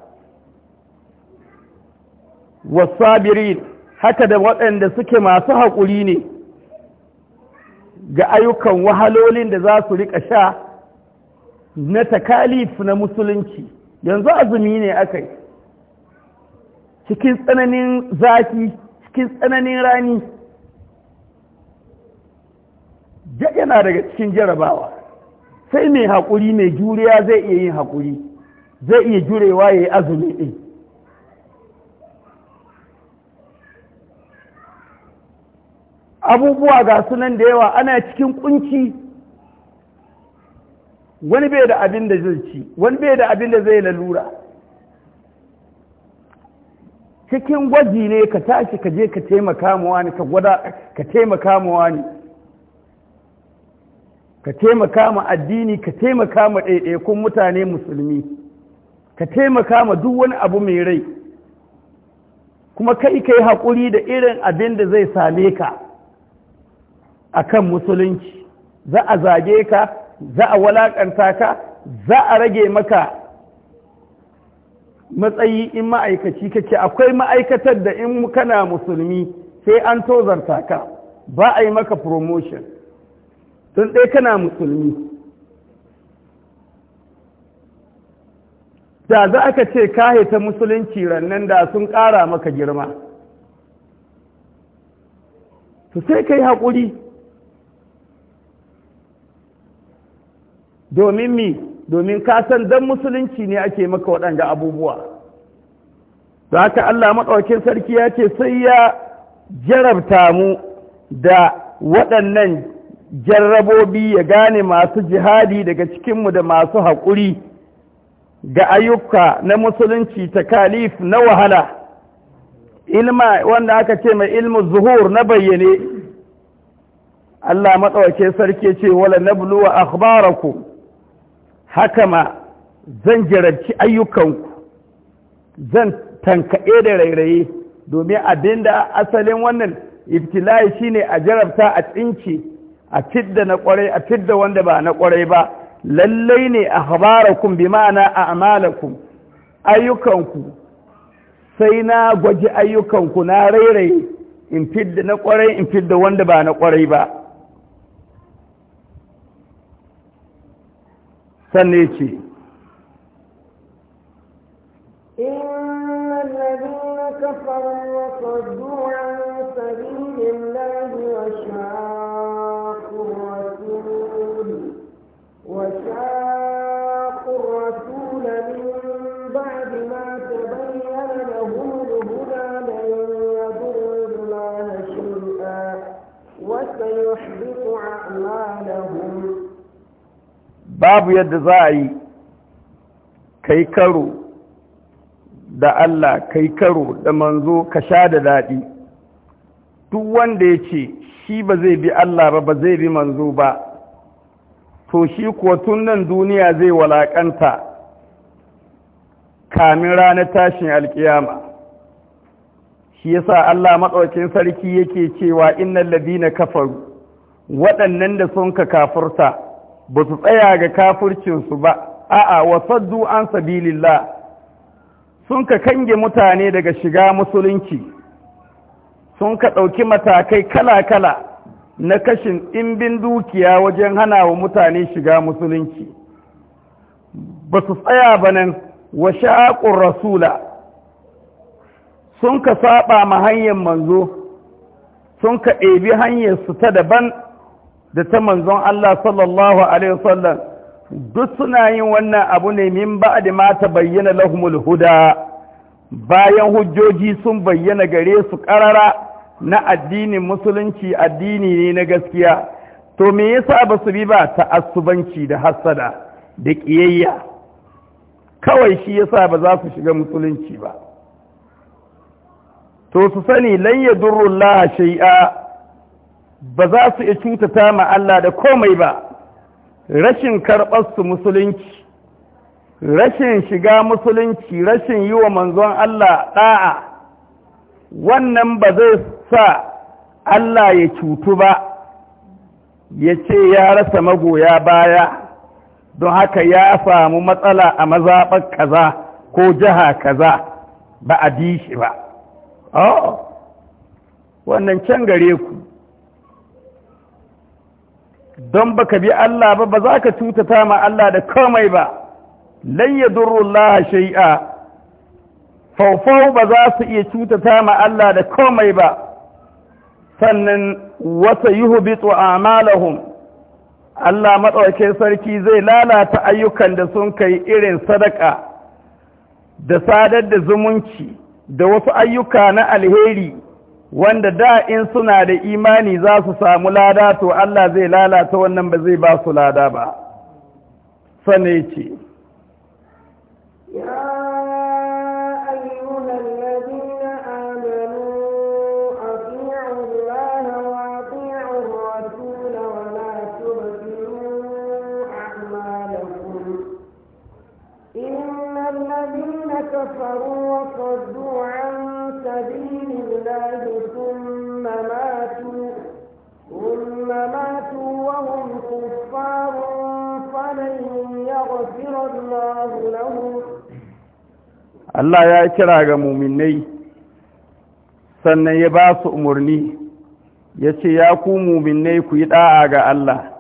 Wasu sabirin haka da waɗanda suke masu haƙuri ne ga ayyukan wahalolin da za su rika sha na takalif na musulunci yanzu azumi ne aka yi cikin tsananin zafi cikin tsananin rani yana daga cikin jarabawa sai mai haƙuri mai juriya zai iya yin haƙuri zai iya jurewa ya yi azumi ɗin abubuwa ga sunan da yawa ana cikin kunci wani bai da abin da zai ci wani bai da abin da zai lalura cikin gwaji ne ka tashi ka je ka taimaka mu wani ka gwada ka taimaka ma wani ka taimaka ma addini ka taimaka ma ɗaiɗaikun mutane musulmi ka taimaka ma duk wani abu mai rai kuma kai kai haƙuri da irin abin da zai same ka a kan musulunci za a zage ka za a walakanta ka za a rage maka matsayi in ma'aikaci kake akwai ma'aikatar da in kana musulmi sai an tozarta ka ba a yi maka promotion tun ɗaya kana musulmi da za aka ce kahe ta musulunci rannan da sun ƙara maka girma to sai kai hakuri. haƙuri domin mi domin ka san dan musulunci ne ake maka waɗanda abubuwa da haka Allah maɗaukin sarki ya ce sai ya jarabta mu da waɗannan jarrabobi ya gane masu jihadi daga cikinmu da masu haƙuri ga ayyuka na musulunci ta kalif na wahala ilma wanda aka ce mai ilmu zuhur na bayyane Allah maɗaukin sarki ce wala nabluwa akhbarakum haka ma zan jarabci ayyukanku zan tankaɗe da rairaye domin abin da asalin wannan ibtila'i shine a jarabta a tsinci a fidda na ƙwarai a fidda wanda ba na ƙwarai ba lallai ne a habarakun bi ma'ana a amalakun ayyukanku sai na gwaji ayyukanku na rairaye in fidda na ƙwarai in fidda wanda ba na ƙwarai ba sanete babu yadda za a yi kai karo da Allah kai karo da manzo ka sha da daɗi duk wanda ya ce shi ba zai bi Allah ba ba zai bi manzo ba to shi kuwa tun nan duniya zai walaƙanta kamin ranar tashin alƙiyama. shi ya sa Allah matsaukin sarki yake cewa na ladina kafaru waɗannan da sun ka kafurta ba su tsaya ga kafircinsu ba a'a wasaddu an sabilillah sun ka kange mutane daga shiga musulunci sun ka ɗauki matakai kala-kala na kashin ɗimbin dukiya wajen hana wa mutane shiga musulunci ba su tsaya ba nan wa sha'aƙun rasula sun ka saɓa ma hanyar manzo sun ka ɗebi su ta daban da ta manzon Allah sallallahu alaihi wasallam duk suna yin wannan abu ne min ba'da ma ta bayyana lahumul huda bayan hujjoji sun bayyana gare su karara na addinin musulunci addini ne na gaskiya to me yasa ba su bi ba ta'assubanci da hassada da ƙiyayya kawai shi yasa ba za su shiga musulunci ba to su sani lan yadurrullaha shay'a ba za su iya cutata ma Allah da komai ba rashin karɓar su musulunci rashin shiga musulunci rashin yi wa manzon Allah ɗa'a wannan ba zai sa Allah ya cutu ba ya ce ya rasa magoya baya don haka ya samu matsala a mazaɓar kaza ko jiha kaza ba a bi shi ba. Oh, wannan can gare ku don baka bi Allah ba ba za ka cutata ma Allah da komai ba lan yadurrullaha shay'a faufau ba za su iya cutata ma Allah da komai ba sannan wasa yuhbitu a'malahum Allah maɗaukin sarki zai lalata ayyukan da sun kai irin sadaka da sadar da zumunci da wasu ayyuka na alheri wanda da in suna da imani za su samu lada to Allah zai lalata wannan ba zai ba su lada ba sane ce ya Allah ya kira ga muminai sannan ya ba su umarni ya ce ya ku muminai ku yi ɗa'a ga Allah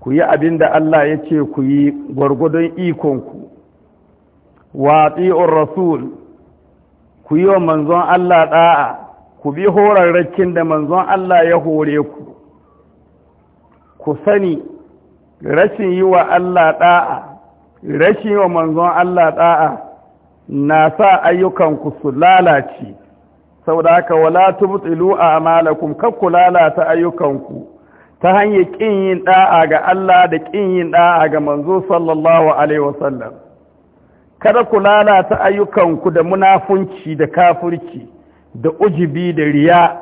ku yi abin da Allah ya ce ku yi gwargwadon ikonku watsi'un rasul ku yi wa manzon Allah ɗa'a ku bi horarrakin da manzon Allah ya hore ku ku sani rashin yi wa Allah ɗa'a rashin yi wa manzon Allah ɗa'a na sa ayyukanku su lalace saboda haka wala tubtilu a'malakum kakku lalata ayyukanku ta hanyar ƙin yin ɗa'a ga Allah da ƙin yin ɗa'a ga manzo sallallahu alaihi wasallam kada ku lalata ayyukanku da munafunci da kafurci da ujibi da riya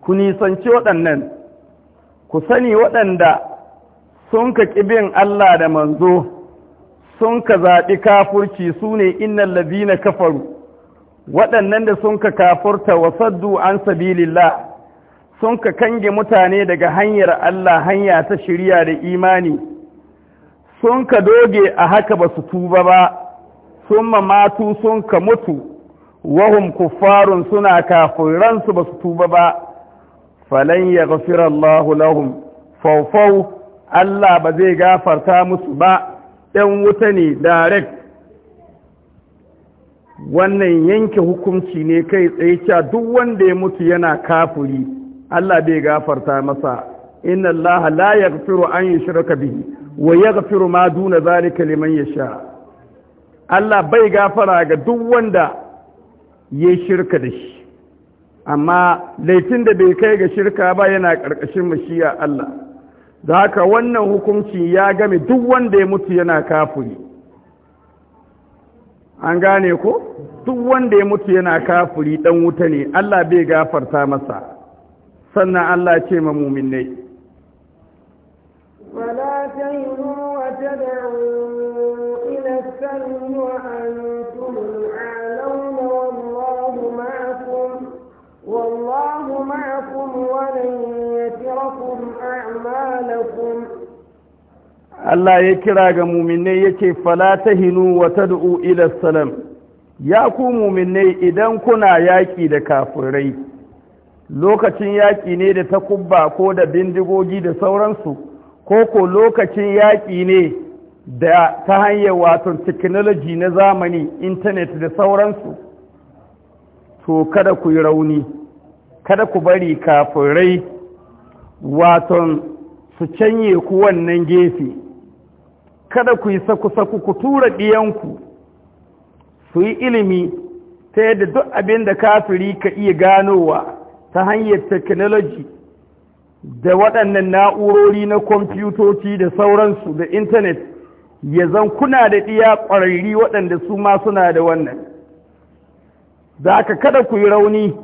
ku nisanci waɗannan ku sani waɗanda sun ka bin Allah da manzo sun ka zaɓi kafurci su ne innan na kafaru waɗannan da sun ka kafurta wa saddu an sabilillah sun ka kange mutane daga hanyar Allah hanya ta shirya da imani sun ka doge a haka ba su tuba ba sun mamatu sun ka mutu wahum kuffarun suna kafuransu ba su tuba ba falan ya gafira Allah lahum faufau Allah ba zai gafarta musu ba ɗan wuta ne direct wannan yanke hukunci ne kai tsaye cewa duk wanda ya mutu yana kafuri Allah bai gafarta masa inna Allah la yaghfiru an yushraka bihi wa yaghfiru ma duna zalika liman yasha Allah bai gafara ga duk wanda ya shirka da shi amma laifin da bai kai ga shirka ba yana karkashin mashiya Allah da haka wannan hukunci ya game duk wanda ya mutu yana kafuri an gane ko duk wanda ya mutu yana kafuri dan wuta ne Allah bai gafarta masa sannan Allah ce ma muminai ولا تهنوا وتدعوا إلى السلم وأنتم معكم ولن يتركم أعمالكم Allah ya kira ga muminai yake fala tahinu wa tad'u ila salam ya ku muminai idan kuna yaƙi da kafirai lokacin yaƙi ne da takubba ko da bindigogi da sauransu ko ko lokacin yaƙi ne da ta hanyar wato technology na zamani intanet da sauransu to kada ku yi rauni kada ku bari kafin rai, waton su canye ku wannan gefe kada ku yi saku-saku ku tura ɗiyanku su yi ilimi ta yadda duk abin da kafiri ka iya ganowa ta hanyar technology da waɗannan na'urori na kwamfutoci da sauransu da intanet ya zan kuna da ɗiya ƙwararri waɗanda su ma suna da wannan za ka kada ku yi rauni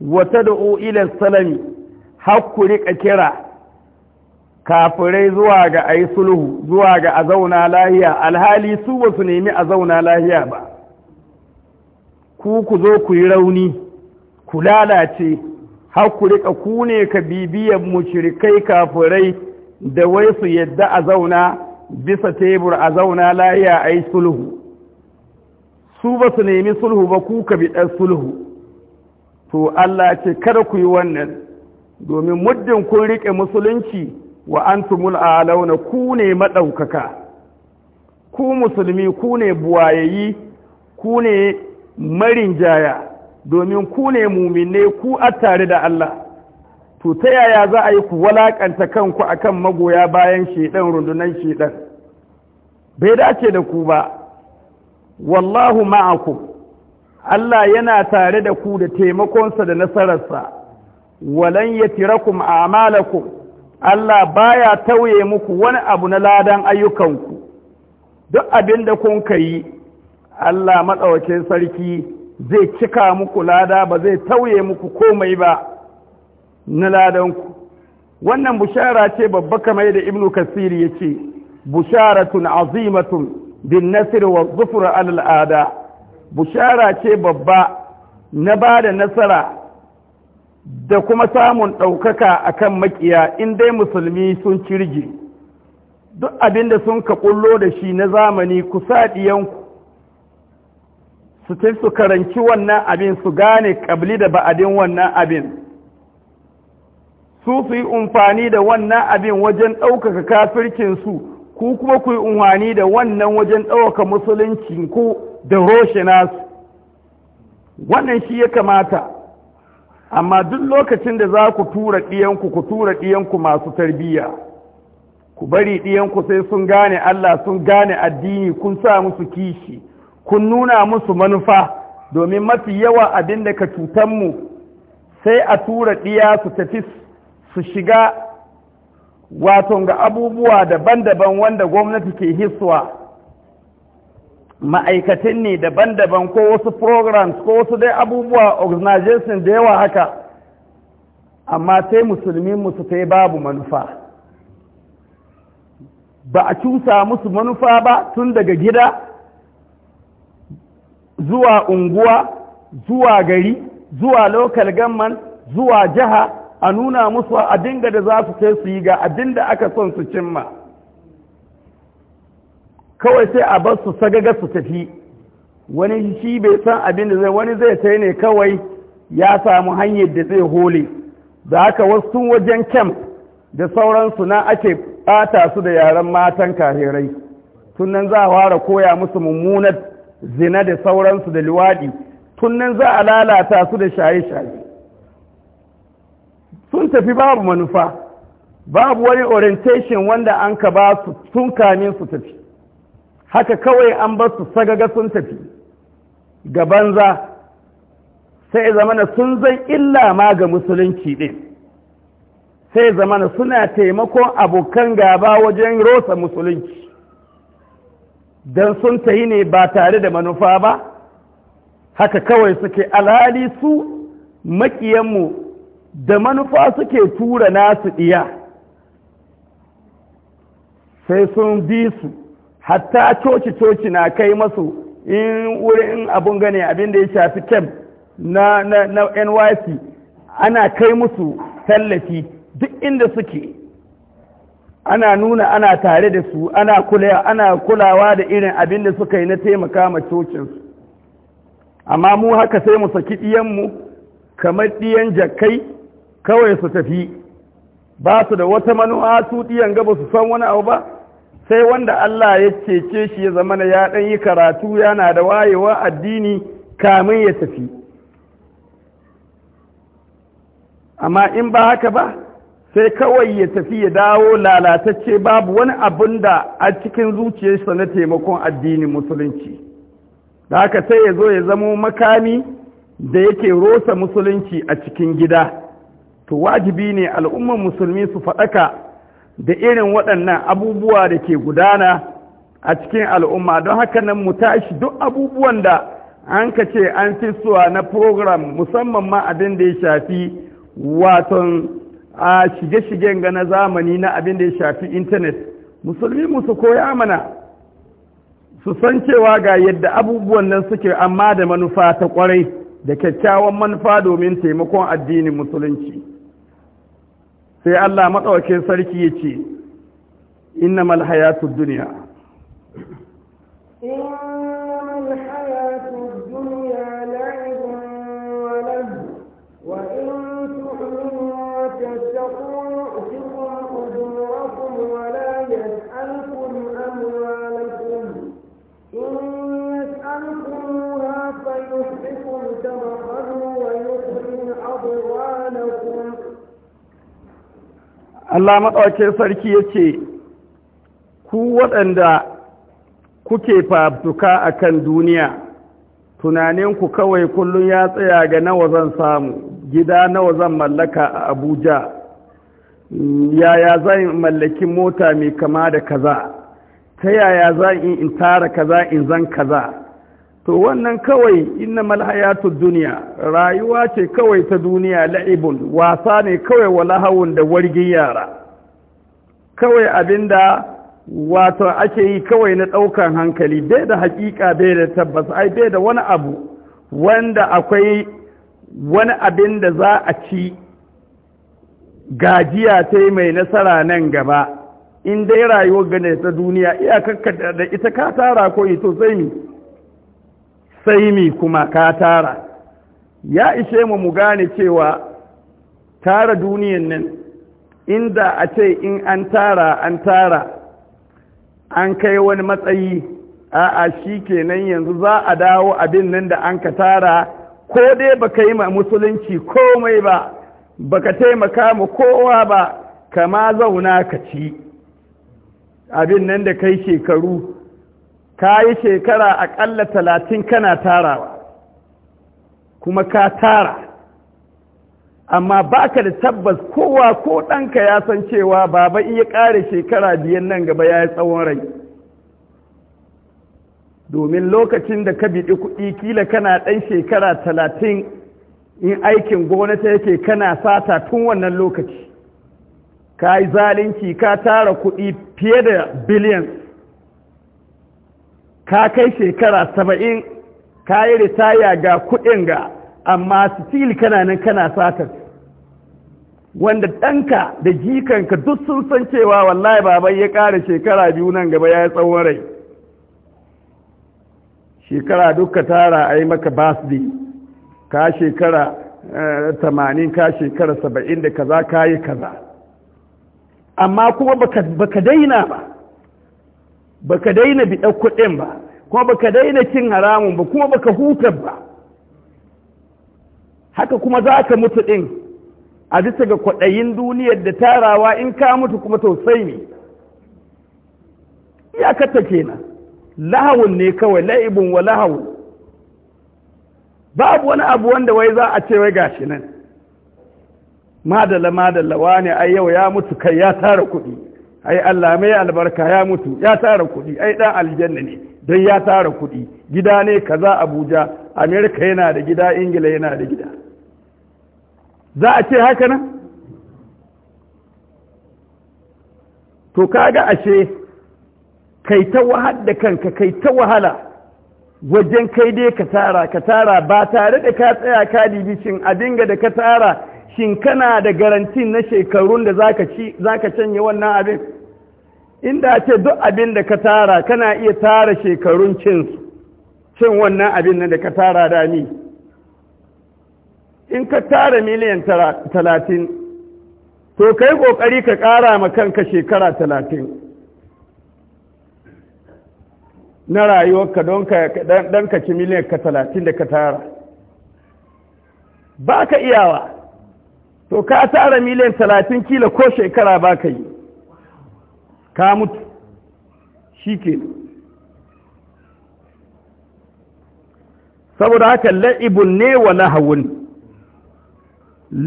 Wata da ila salami hakku rika kira kafirai zuwa ga ayi sulhu zuwa ga a zauna lahiya alhali su ba su nemi a zauna lahiya ba ku ku zo ku yi rauni ku lalace har riƙa ku ne ka bibiyar mushrikai kafirai da wai su yadda a zauna bisa tebur a zauna lahiya a yi sulhu su ba su nemi sulhu ba ku ka biɗar sulhu to Allah ce kada ku yi wannan domin muddin kun riƙe musulunci wa antumul alauna ku ne maɗaukaka ku musulmi ku ne buwayayi ku ne marin jaya domin ku ne mumine ku a da Allah to ta yaya za a yi ku walakanta kanku akan magoya bayan shedan rundunan shedan bai dace da ku ba wallahu ma'akum Allah yana tare da ku da taimakonsa da nasararsa walan ya ku a'malakum Allah baya tauye muku wani abu na ladan ayyukanku duk abin da kun yi, Allah matsawacin sarki zai cika muku lada ba zai tauye muku komai ba na ladanku wannan bushara ce babba kamar da ibnu kasiri yace busharatun azimatun bin Nasiru wa zufura al'ada al'ada. bushara ce babba na ba da nasara da kuma samun ɗaukaka a kan makiya in dai musulmi sun cirgi duk abinda sun ka da shi na zamani ku sa ɗiyanku su tafi su karanci wannan abin su gane ƙabli da ba'adin wannan abin su su yi umfani da wannan abin wajen ɗaukaka kafircinsu ku kuma ku yi umfani da wannan wajen ɗaukaka ku? da roshe nasu wannan shi ya kamata amma duk lokacin da za ku tura ɗiyanku ku tura ɗiyanku masu tarbiyya ku bari ɗiyanku sai sun gane Allah sun gane addini kun sa musu kishi kun nuna musu manufa domin mafi yawa abin da ka cutanmu sai a tura ɗiya su tafi su shiga waton ga abubuwa daban-daban wanda gwamnati ke hiswa ma'aikatan ne daban-daban ko wasu programs ko wasu dai abubuwa organization da yawa haka amma sai musulmin musu yi babu manufa ba a cusa musu manufa ba tun daga gida zuwa unguwa zuwa gari zuwa local gamman zuwa jiha a nuna musu a dinga da za su kai su yi ga abin da aka son su cimma. kawai sai a bar su sagaga su tafi wani shi bai san abin da zai wani zai sai ne kawai ya samu hanyar da zai hole da haka wasu wajen camp da sauransu na ake bata su da yaren matan kahirai nan za a fara koya musu mummunar zina da sauransu da liwaɗi nan za a lalata su da shaye-shaye sun tafi babu manufa babu wani orientation wanda an ka ba su tun kamin su tafi haka kawai an ba su sagaga sun tafi ga banza sai zamana sun zan illa ma ga musulunci ɗin sai zamana suna taimakon abokan gaba wajen rosa musulunci don sun tayi ne ba tare da manufa ba haka kawai suke alhali su makiyanmu da manufa suke tura nasu ɗiya sai sun bi su hatta coci coci na kai masu in wurin abun gane abin da ya shafi kem na, nyc ana kai musu tallafi duk inda suke ana nuna ana tare da su ana kulawa ana kulawa da irin abin da suka yi na taimaka ma cocinsu amma mu haka sai mu saki mu kamar ɗiyan jakkai kawai su tafi ba su da wata manuwa su ɗiyan gaba su san wani abu ba sai wanda Allah ya cece shi ya zama ya ɗan yi karatu yana da wayewa addini kamin ya tafi amma in ba haka ba sai kawai ya tafi ya dawo lalatacce babu wani abin da a cikin zuciyarsa na taimakon addinin musulunci da haka sai ya zo ya zamo makami da yake rosa musulunci a cikin gida to wajibi ne al'ummar musulmi su faɗaka da irin waɗannan abubuwa da ke gudana a cikin al'umma don haka nan mu tashi duk abubuwan da an ka ce an fi suwa na program musamman ma abin da ya shafi waton a shige-shigen ga na zamani na abin da ya shafi intanet musulmi musu koya mana su san cewa ga yadda abubuwan nan suke amma da manufa ta kwarai da kyakkyawan manufa domin taimakon addinin musulunci. sai Allah maɗaukin sarki ya ce innamal hayatud duniya Allah maɗaukin sarki ya ce, Ku waɗanda kuke fafuka a kan duniya, tunaninku kawai kullum ya tsaya ga nawa zan samu, gida nawa zan mallaka a Abuja, yaya zan mallaki mota mai kama da kaza, ta yaya zan in tara kaza in zan kaza. to wannan kawai innamal hayatu duniya rayuwa ce kawai ta duniya la'ibun wasa ne kawai walahawun da wargin yara kawai abinda wato ake yi kawai na ɗaukan hankali bai da hakika bai da tabbas ai bai da wani abu wanda akwai wani abin da za a ci gajiya sai mai nasara nan gaba in dai rayuwar gane ta duniya iyakar da ita ka tara ko ito sai sai mi kuma ka tara ya ishe mu mu gane cewa tara duniyan nan inda a ce in an tara an tara an kai wani matsayi a'a shi kenan yanzu za a dawo abin nan da an ka tara ko dai baka yi ma musulunci komai ba baka taimaka mu kowa ba kama zauna ka ci abin nan da kai shekaru ka yi shekara aƙalla talatin kana tarawa kuma ka tara amma baka da tabbas kowa ko ɗanka ya san cewa baba iya ya ƙare shekara biyan nan gaba ya yi tsawon rai domin lokacin da ka biɗi kuɗi kila kana ɗan shekara talatin in aikin gwamnati yake kana sata tun wannan lokaci ka yi zalunci ka tara kuɗi fiye da biliyan ka kai shekara saba'in ka yi ritaya ga kuɗin ga amma stil kana nan kana satar wanda ɗanka da jikanka duk sun san cewa wallahi baban ya ƙara shekara biyu nan gaba ya yi tsawon rai shekara duka tara a yi maka birthday ka shekara eh, tamanin ka shekara saba'in da kaza ka yi kaza amma kuma baka daina ba Ba ka daina biɗa kuɗin ba kuma ba ka daina cin haramun ba kuma ba ka hutar ba haka kuma za ka mutu ɗin a bisa ga kwaɗayin duniyar da tarawa in ka mutu kuma tausayi ne iyakarta kenan lahawun ne kawai la'ibun wa lahawun babu wani abu wanda wai za a ce wai gashi nan madala madala ne ai yau ya mutu kai ya tara kuɗi ai Allah mai albarka ya mutu ya tara kuɗi ai dan aljanna ne don ya tara kuɗi gida ne kaza Abuja Amerika yana da gida Ingila yana da gida za a ce haka nan to kaga ashe kai ta wahal da kanka kai ta wahala wajen kai dai ka tara ka tara ba tare da ka tsaya ka dibi shin abinga da ka tara shin kana da garantin na shekarun da zaka ci zaka canye wannan abin inda ce duk abin da ka tara kana iya tara shekarun cin cin wannan abin da ka tara da ni in ka tara miliyan talatin to ka yi ƙoƙari ka ƙara ma kanka shekara talatin na rayuwarka don ka ci miliyan ka talatin da ka tara ba ka iyawa to ka tara miliyan talatin kila ko shekara ba ka yi ka mutu shi ke saboda haka la'ibun ne wa lahawun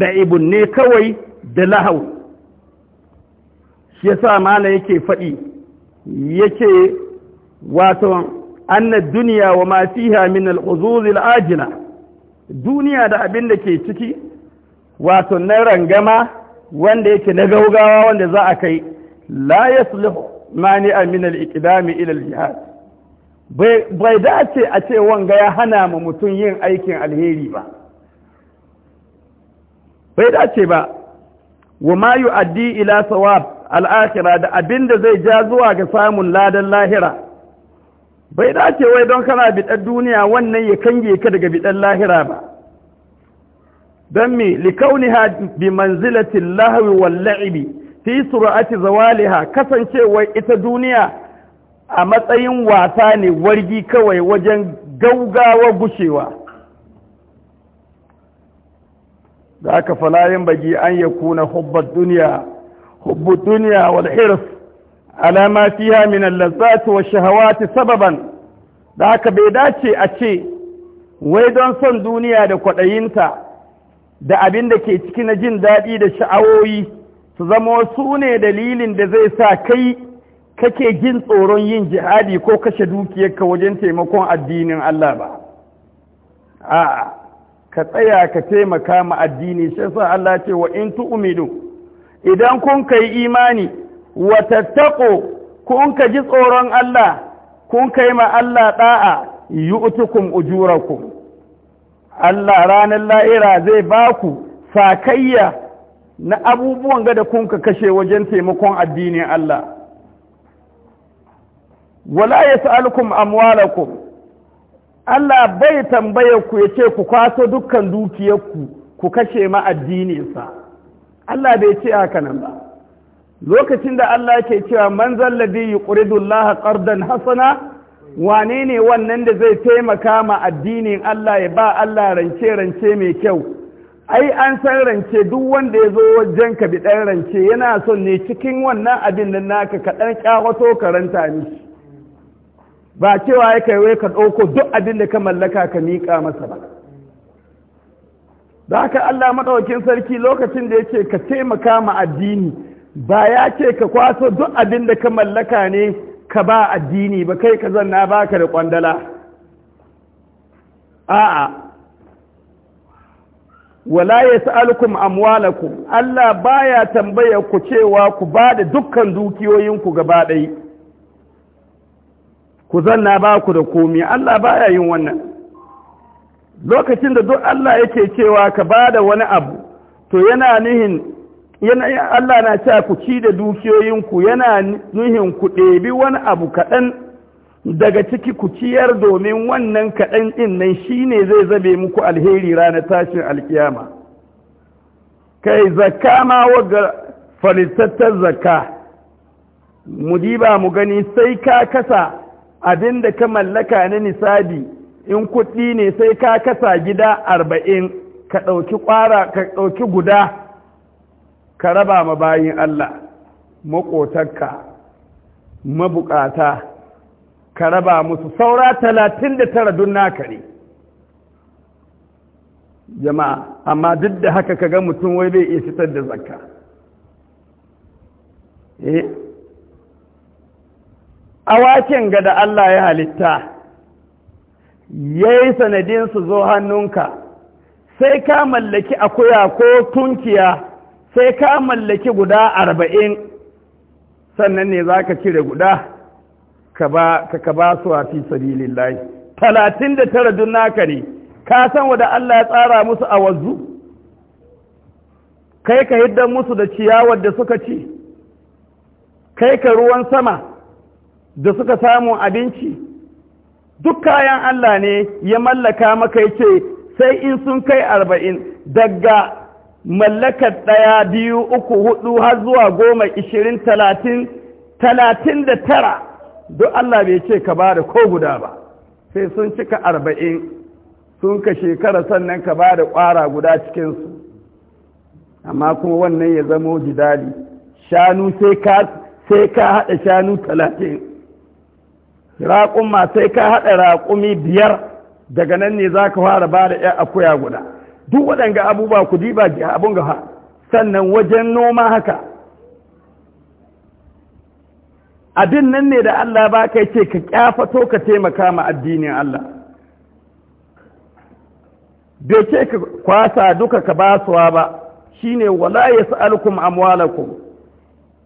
la'ibun ne kawai da lahawun shi ya sa mala yake faɗi yake wato anna duniya wa ma fiha min duniya da abin da ke ciki wato na rangama wanda yake na gaugawa wanda za a kai لا يصلح مانع من الاقدام الى الجهاد bai dace a ce wanga ya hana ma mutum yin aikin alheri ba bai dace ba wa ma yu'addi ila sawab al-akhirah da abinda zai ja zuwa ga samun ladan lahira bai dace wai don kana biɗar duniya wannan ya kange ka daga biɗar lahira ba don me likauniha bi manzilati lahawi wal la'ibi fi sura'ati zawaliha kasancewar ita duniya a matsayin wasa ne wargi kawai wajen gaugawa gushewa da aka falayin bagi an ya kuna hubbar duniya hubbar duniya wal alama fiha min allazati wa shahawati sababan da aka bai dace a ce wai don son duniya da kwaɗayinta da abin da ke ciki na jin daɗi da sha'awoyi su zama su ne dalilin da zai sa kai kake jin tsoron yin jihadi ko kashe dukiyarka wajen taimakon addinin Allah ba a'a ka tsaya ka taimaka ma addini shi yasa Allah ce wa in tu'minu idan kun kai imani wa tattaqu kun ka ji tsoron Allah kun kai ma Allah da'a yu'tukum ujurakum Allah ranar la'ira zai baku sakayya na abubuwan gada kun ka kashe wajen taimakon addinin Allah wala ya yas'alukum amwalakum Allah bai tambaye ku ya ce ku kwaso dukkan dukiyarku ku kashe ma addininsa Allah bai ce haka nan ba lokacin da Allah ke cewa man zalladhi Laha ƙardan hasana wane ne wannan da zai taimaka ma addinin Allah ya ba Allah rance rance mai kyau ai an san rance duk wanda ya zo wajen ka bi ɗan rance yana son ne cikin wannan abin da naka ka ɗan ƙyawato karanta ni ba cewa ya kai wai ka ɗauko duk abin da ka mallaka ka miƙa masa ba da haka Allah maɗaukin sarki lokacin da ya ka taimaka ma addini ba ya ce ka kwaso duk abin da ka mallaka ne ka ba addini ba kai ka zanna baka da kwandala a'a wala yas'alukum amwalakum Allah baya tambaya ku cewa ku bada dukkan dukiyoyinku gaba ɗaya ku zanna ba ku da komi Allah baya yin wannan lokacin da duk Allah yake cewa ka bada wani abu to yana nihin yana Allah na cewa ku ci da dukiyoyinku yana nihin ku ɗebi wani abu kaɗan daga ciki ku ciyar domin wannan kaɗan ɗin nan shi ne zai zabe muku alheri ranar tashin alkiyama kai zakka ma waga falitattar zakka diba mu gani sai ka kasa abin da ka mallaka na nisabi in kuɗi ne sai ka kasa gida arba'in ka ɗauki ƙwara ka ɗauki guda ka raba ma bayin Allah maƙotarka mabuƙata ka raba musu saura talatin da tara dun naka ne jama'a amma duk da haka ka ga mutum wai bai iya fitar da zakka eh. A wakin ga da Allah ya halitta yayi sanadin su zo hannunka sai ka mallaki akuya ko tunkiya sai ka mallaki guda arba'in sannan ne za ka cire guda ka ba su a fi sabilillahi talatin da tara dun naka ne ka san wada Allah ya tsara musu a wanzu kai ka hiddan musu da ciyawar da suka ci kai ka ruwan sama da suka samu abinci duk kayan Allah ne ya mallaka maka ya sai in sun kai arba'in daga mallakar ɗaya biyu uku hudu har zuwa goma ishirin talatin talatin da tara duk Allah bai ce ka bada ko guda ba sai sun cika arba'in sun ka shekara sannan ka bada ƙwara guda cikinsu amma kuma wannan ya zamo jidali shanu sai ka haɗa shanu talatin raƙumma sai ka haɗa raƙumi biyar daga nan ne za ka fara bada da ‘yan akuya guda duk waɗanga abubuwa ku diba abun ga sannan wajen noma haka abin nan ne da Allah ba ka ce ka kyafato ka taimaka ma addinin Allah bai ce ka kwasa duka ka basuwa ba shine wala ya yas'alukum amwalakum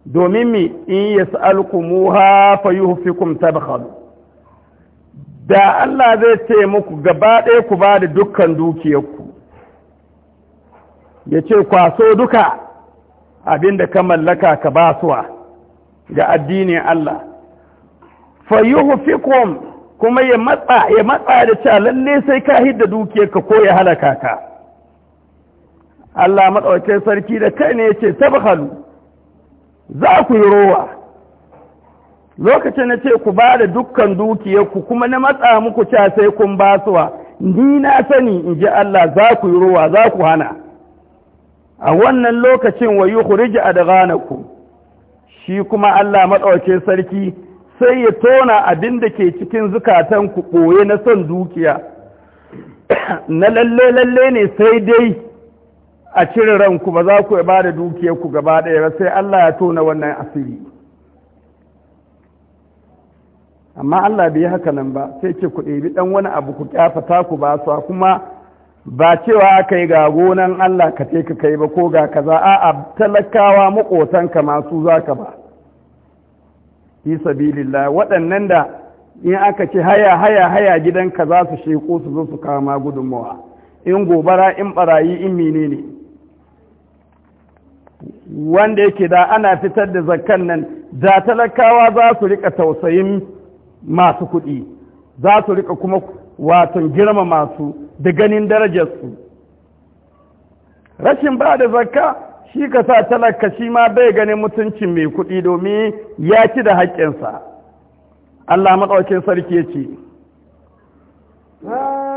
domin mi in ya yas'alkumuha fayuhfikum tabkhalu da Allah zai ce muku gaba ɗaya ku ba da dukkan dukiyarku ya ce kwaso duka abinda ka mallaka ka basuwa da addinin Allah fayuhfikum kuma ya matsa ya matsa da cewa lalle sai ka hidda dukiyarka ko ya halaka ka Allah madaukakin sarki da kai ne yace tabkhalu za ku yi rowa lokacin na ce ku ba da dukkan dukiyarku kuma na matsa muku cewa sai kun basuwa ni na sani in ji Allah za ku yi rowa za ku hana a wannan lokacin a da adghanakum shi kuma Allah maɗauke sarki sai ya tona abin da ke cikin zukatan ku ɓoye na son dukiya na lalle lalle ne sai dai a cire ranku ba za ku ba da dukiyar ku gaba ɗaya ba sai Allah ya tona wannan asiri amma Allah bai haka nan ba sai ce ku ɗebi ɗan wani abu ku kyafata ku ba su kuma ba cewa aka yi ga gonan Allah ka ce ka kai ba ko ga kaza a talakawa makotanka masu za ka ba fi sabilillah waɗannan da in aka ce haya haya haya gidanka za su sheko su zo su kama gudunmawa in gobara in barayi in menene wanda yake da ana fitar da zakkan nan da talakawa za su rika tausayin masu kuɗi za su rika kuma wato girma masu da ganin darajarsu rashin ba da zakka shi ka sa talaka shi ma bai ganin mutuncin mai kuɗi domin ya ci da haƙƙinsa Allah maɗaukin sarki ce ah,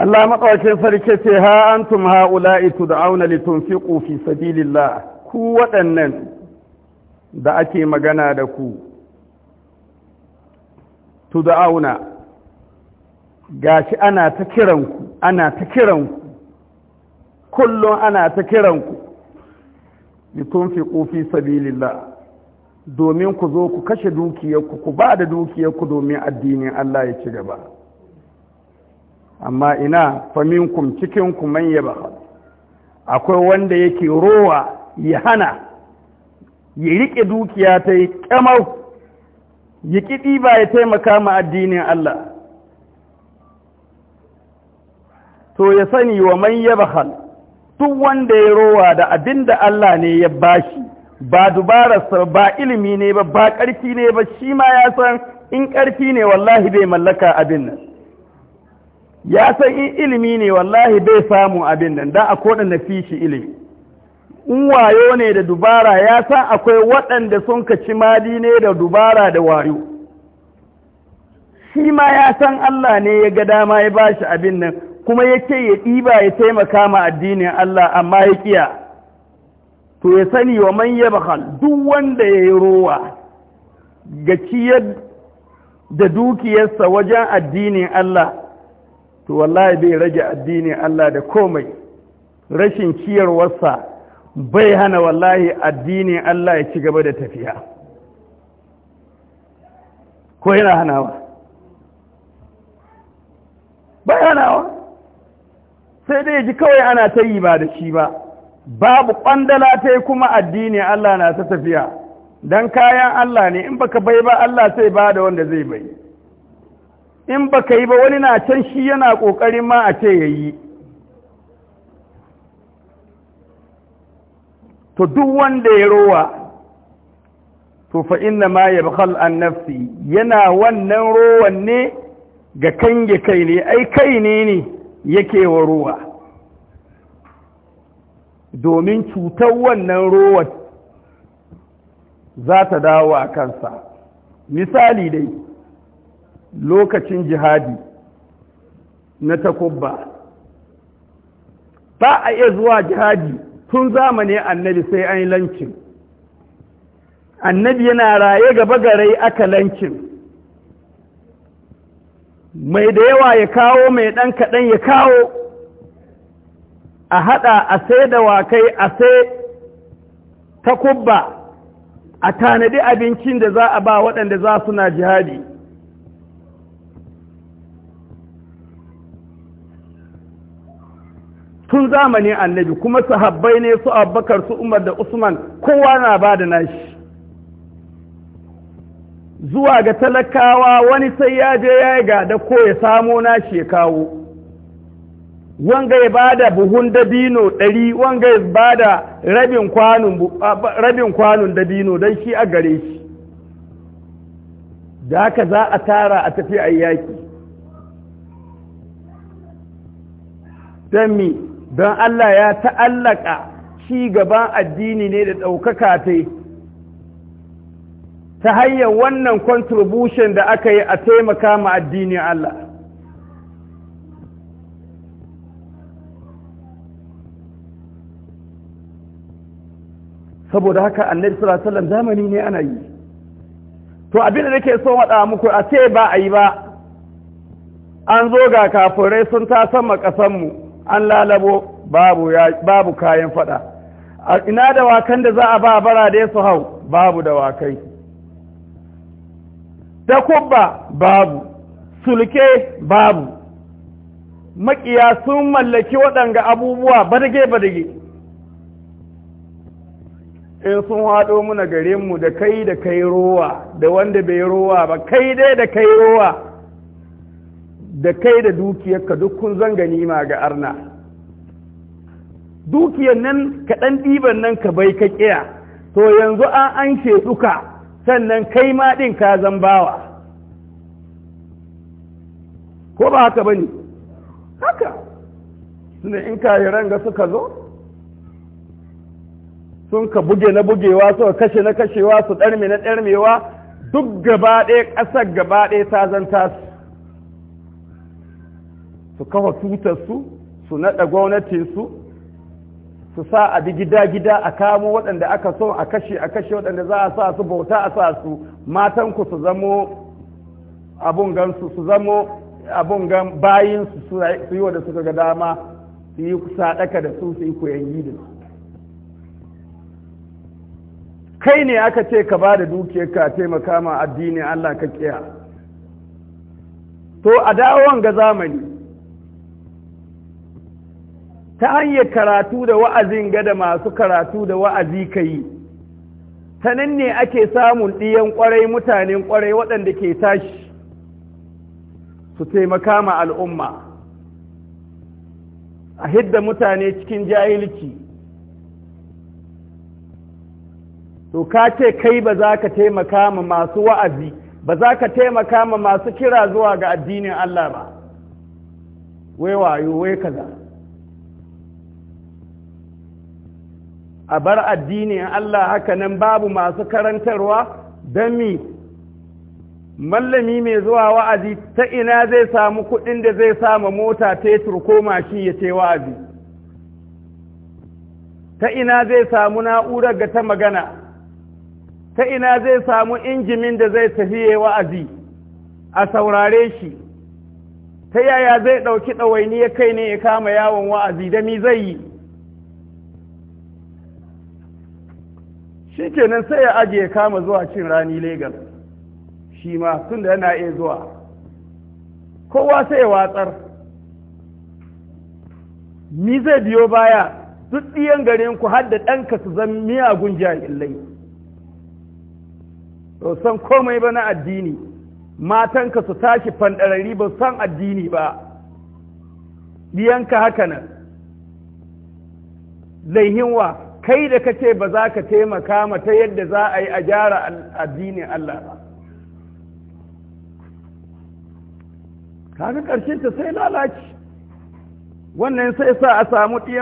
Allah makawacin farce ce ha antum ha'ula'i tud'auna litunfiqu fi sabilillah ku waɗannan da ake magana da ku tud'auna gashi ana ta kiranku ana ta kiranku kullum ana ta kiranku litunfiqu fi sabilillah domin ku zo ku kashe dukiyarku ku ba da dukiyarku domin addinin Allah ya ci gaba amma ina faminkum cikinku man ya akwai wanda yake rowa ya hana ya riƙe dukiya ta yi ƙamau ya ƙiɗi ba ya taimaka ma addinin Allah to ya sani wa man ya duk wanda ya rowa da abin Allah ne ya bashi ba dubararsa ba ilimi ne ba ba ƙarfi ne ba shi ma ya san in ƙarfi ne wallahi bai mallaka abin nan ya san in ilimi ne wallahi bai samu abin nan da a kodan fi shi ilimi in wayo ne da dubara ya san akwai waɗanda sun kaci madi ne da dubara da wayo shi ma ya san Allah ne ya ga dama ya ba shi abin nan kuma ya ce ya ɗiba ya taimaka ma addinin Allah amma ya kiya to ya sani wa man ya bakal duk wanda ya yi rowa ga ciyar da dukiyarsa wajen addinin Allah to wallahi bai rage addinin Allah da komai rashin kiyarwarsa bai hana wallahi addinin Allah ya ci gaba da tafiya ko yana hanawa bai hanawa sai dai ji kawai ana ta yi ba da shi ba babu ƙwandala ta yi kuma addinin Allah na ta tafiya don kayan Allah ne in baka bai ba Allah sai ba da wanda zai bai in ba ka yi ba wani na can shi yana ƙoƙarin ma a ce ya yi to duk wanda ya rowa to fa inna ma ya bakal an nafsi yana wannan rowan ne ga kange kai ne ai kai ne ne yake wa rowa domin cutar wannan rowar za ta dawo a kansa misali dai lokacin jihadi na takubba ba a iya zuwa jihadi tun zamani annabi sai an yi lancin annabi yana raye gaba garai aka lancin mai da yawa ya kawo mai ɗan kaɗan ya kawo a haɗa a sai da wakai a sai takubba a tanadi abincin da za a ba waɗanda za suna jihadi tun zamanin annabi kuma sahabbai ne su abbakar su umar da usman kowa na ba da nashi zuwa ga talakawa wani sai ya je ya yi gada ko ya samo nashi ya kawo wanga ya ba da buhun dabino ɗari wanga ya ba da rabin kwanon dabino don shi a gare shi da haka za a tara a tafi a yaki don mi don Allah ya ta'allaka ci gaban addini ne da ɗaukaka ta ta hanyar wannan contribution da aka yi a taimaka ma addinin Allah saboda haka annabi sallallahu alaihi wasallam zamani ne ana yi to abin da nake so waɗa muku a ce ba a yi ba an zo ga kafirai sun ta sama ƙasanmu. an lalabo babu babu kayan fada ina da wakan da za a ba bara da su hau babu dawakai kubba? babu sulke babu makiya sun mallaki waɗanga abubuwa badage-badage in sun haɗo muna garinmu da kai da kai rowa da wanda bai rowa ba kai dai da kai rowa da kai da dukiyarka duk kun zan ganima ga arna dukiyar nan kaɗan ɗiban nan ka bai ka kiya to yanzu an an duka sannan kai ma ɗin ka zan bawa ko ba haka ba ne haka suna in kayaran ga suka zo sun ka buge na bugewa suka kashe na kashewa su ɗarme na ɗarmewa duk gaba ɗaya ƙasar gaba ɗaya ta zan tasu su kafa tutarsu su naɗa gwamnatinsu su sa a bi gida-gida a kamo waɗanda aka so a kashe a kashe waɗanda za a sa su bauta a sa su matanku su zamo abun gansu su zamo abun gan bayin su su yi wanda suka ga dama su yi sadaka da su su yi koyan yi da kai ne aka ce ka ba da dukiyar ka taimaka ma addini Allah ka kiya to a dawon ga zamani ta hanyar karatu da wa'azin gada masu karatu da wa'azi ka yi ta nan ne ake samun ɗiyan ƙwarai mutanen ƙwarai waɗanda ke tashi su taimaka ma al'umma a hidda mutane cikin jahilci to ka ce kai ba za ka taimaka ma masu wa'azi ba za ka taimaka ma masu kira zuwa ga addinin Allah ba wai wayo wai kaza a bar addinin Allah haka nan babu masu karantarwa don mi mallami mai zuwa wa'azi ta ina zai samu kuɗin da zai samu mota tetur ko mashi ya ce wa'azi ta ina zai samu na'urar ga ta magana ta ina zai samu injimin da zai tafi tafiye wa'azi a saurare shi ta yaya zai ɗauki ya kai ne ya kama yawon wa'azi da mi zai yi shi kenan sai ya ajiye kama zuwa cin rani legas shi ma tun da yana iya zuwa kowa sai ya watsar ni zai biyo baya duk ɗiyan garin ku har da ɗanka su zan miyagun jahilai to san komai ba na addini matanka su tashi fanɗarari ba san addini ba ɗiyanka haka nan laihinwa kai da ka ce ba za ka taimaka ma ta yadda za a yi a gyara addinin Allah ba kaga ƙarshen ta sai lalaci wannan sai sa a samu ɗiyan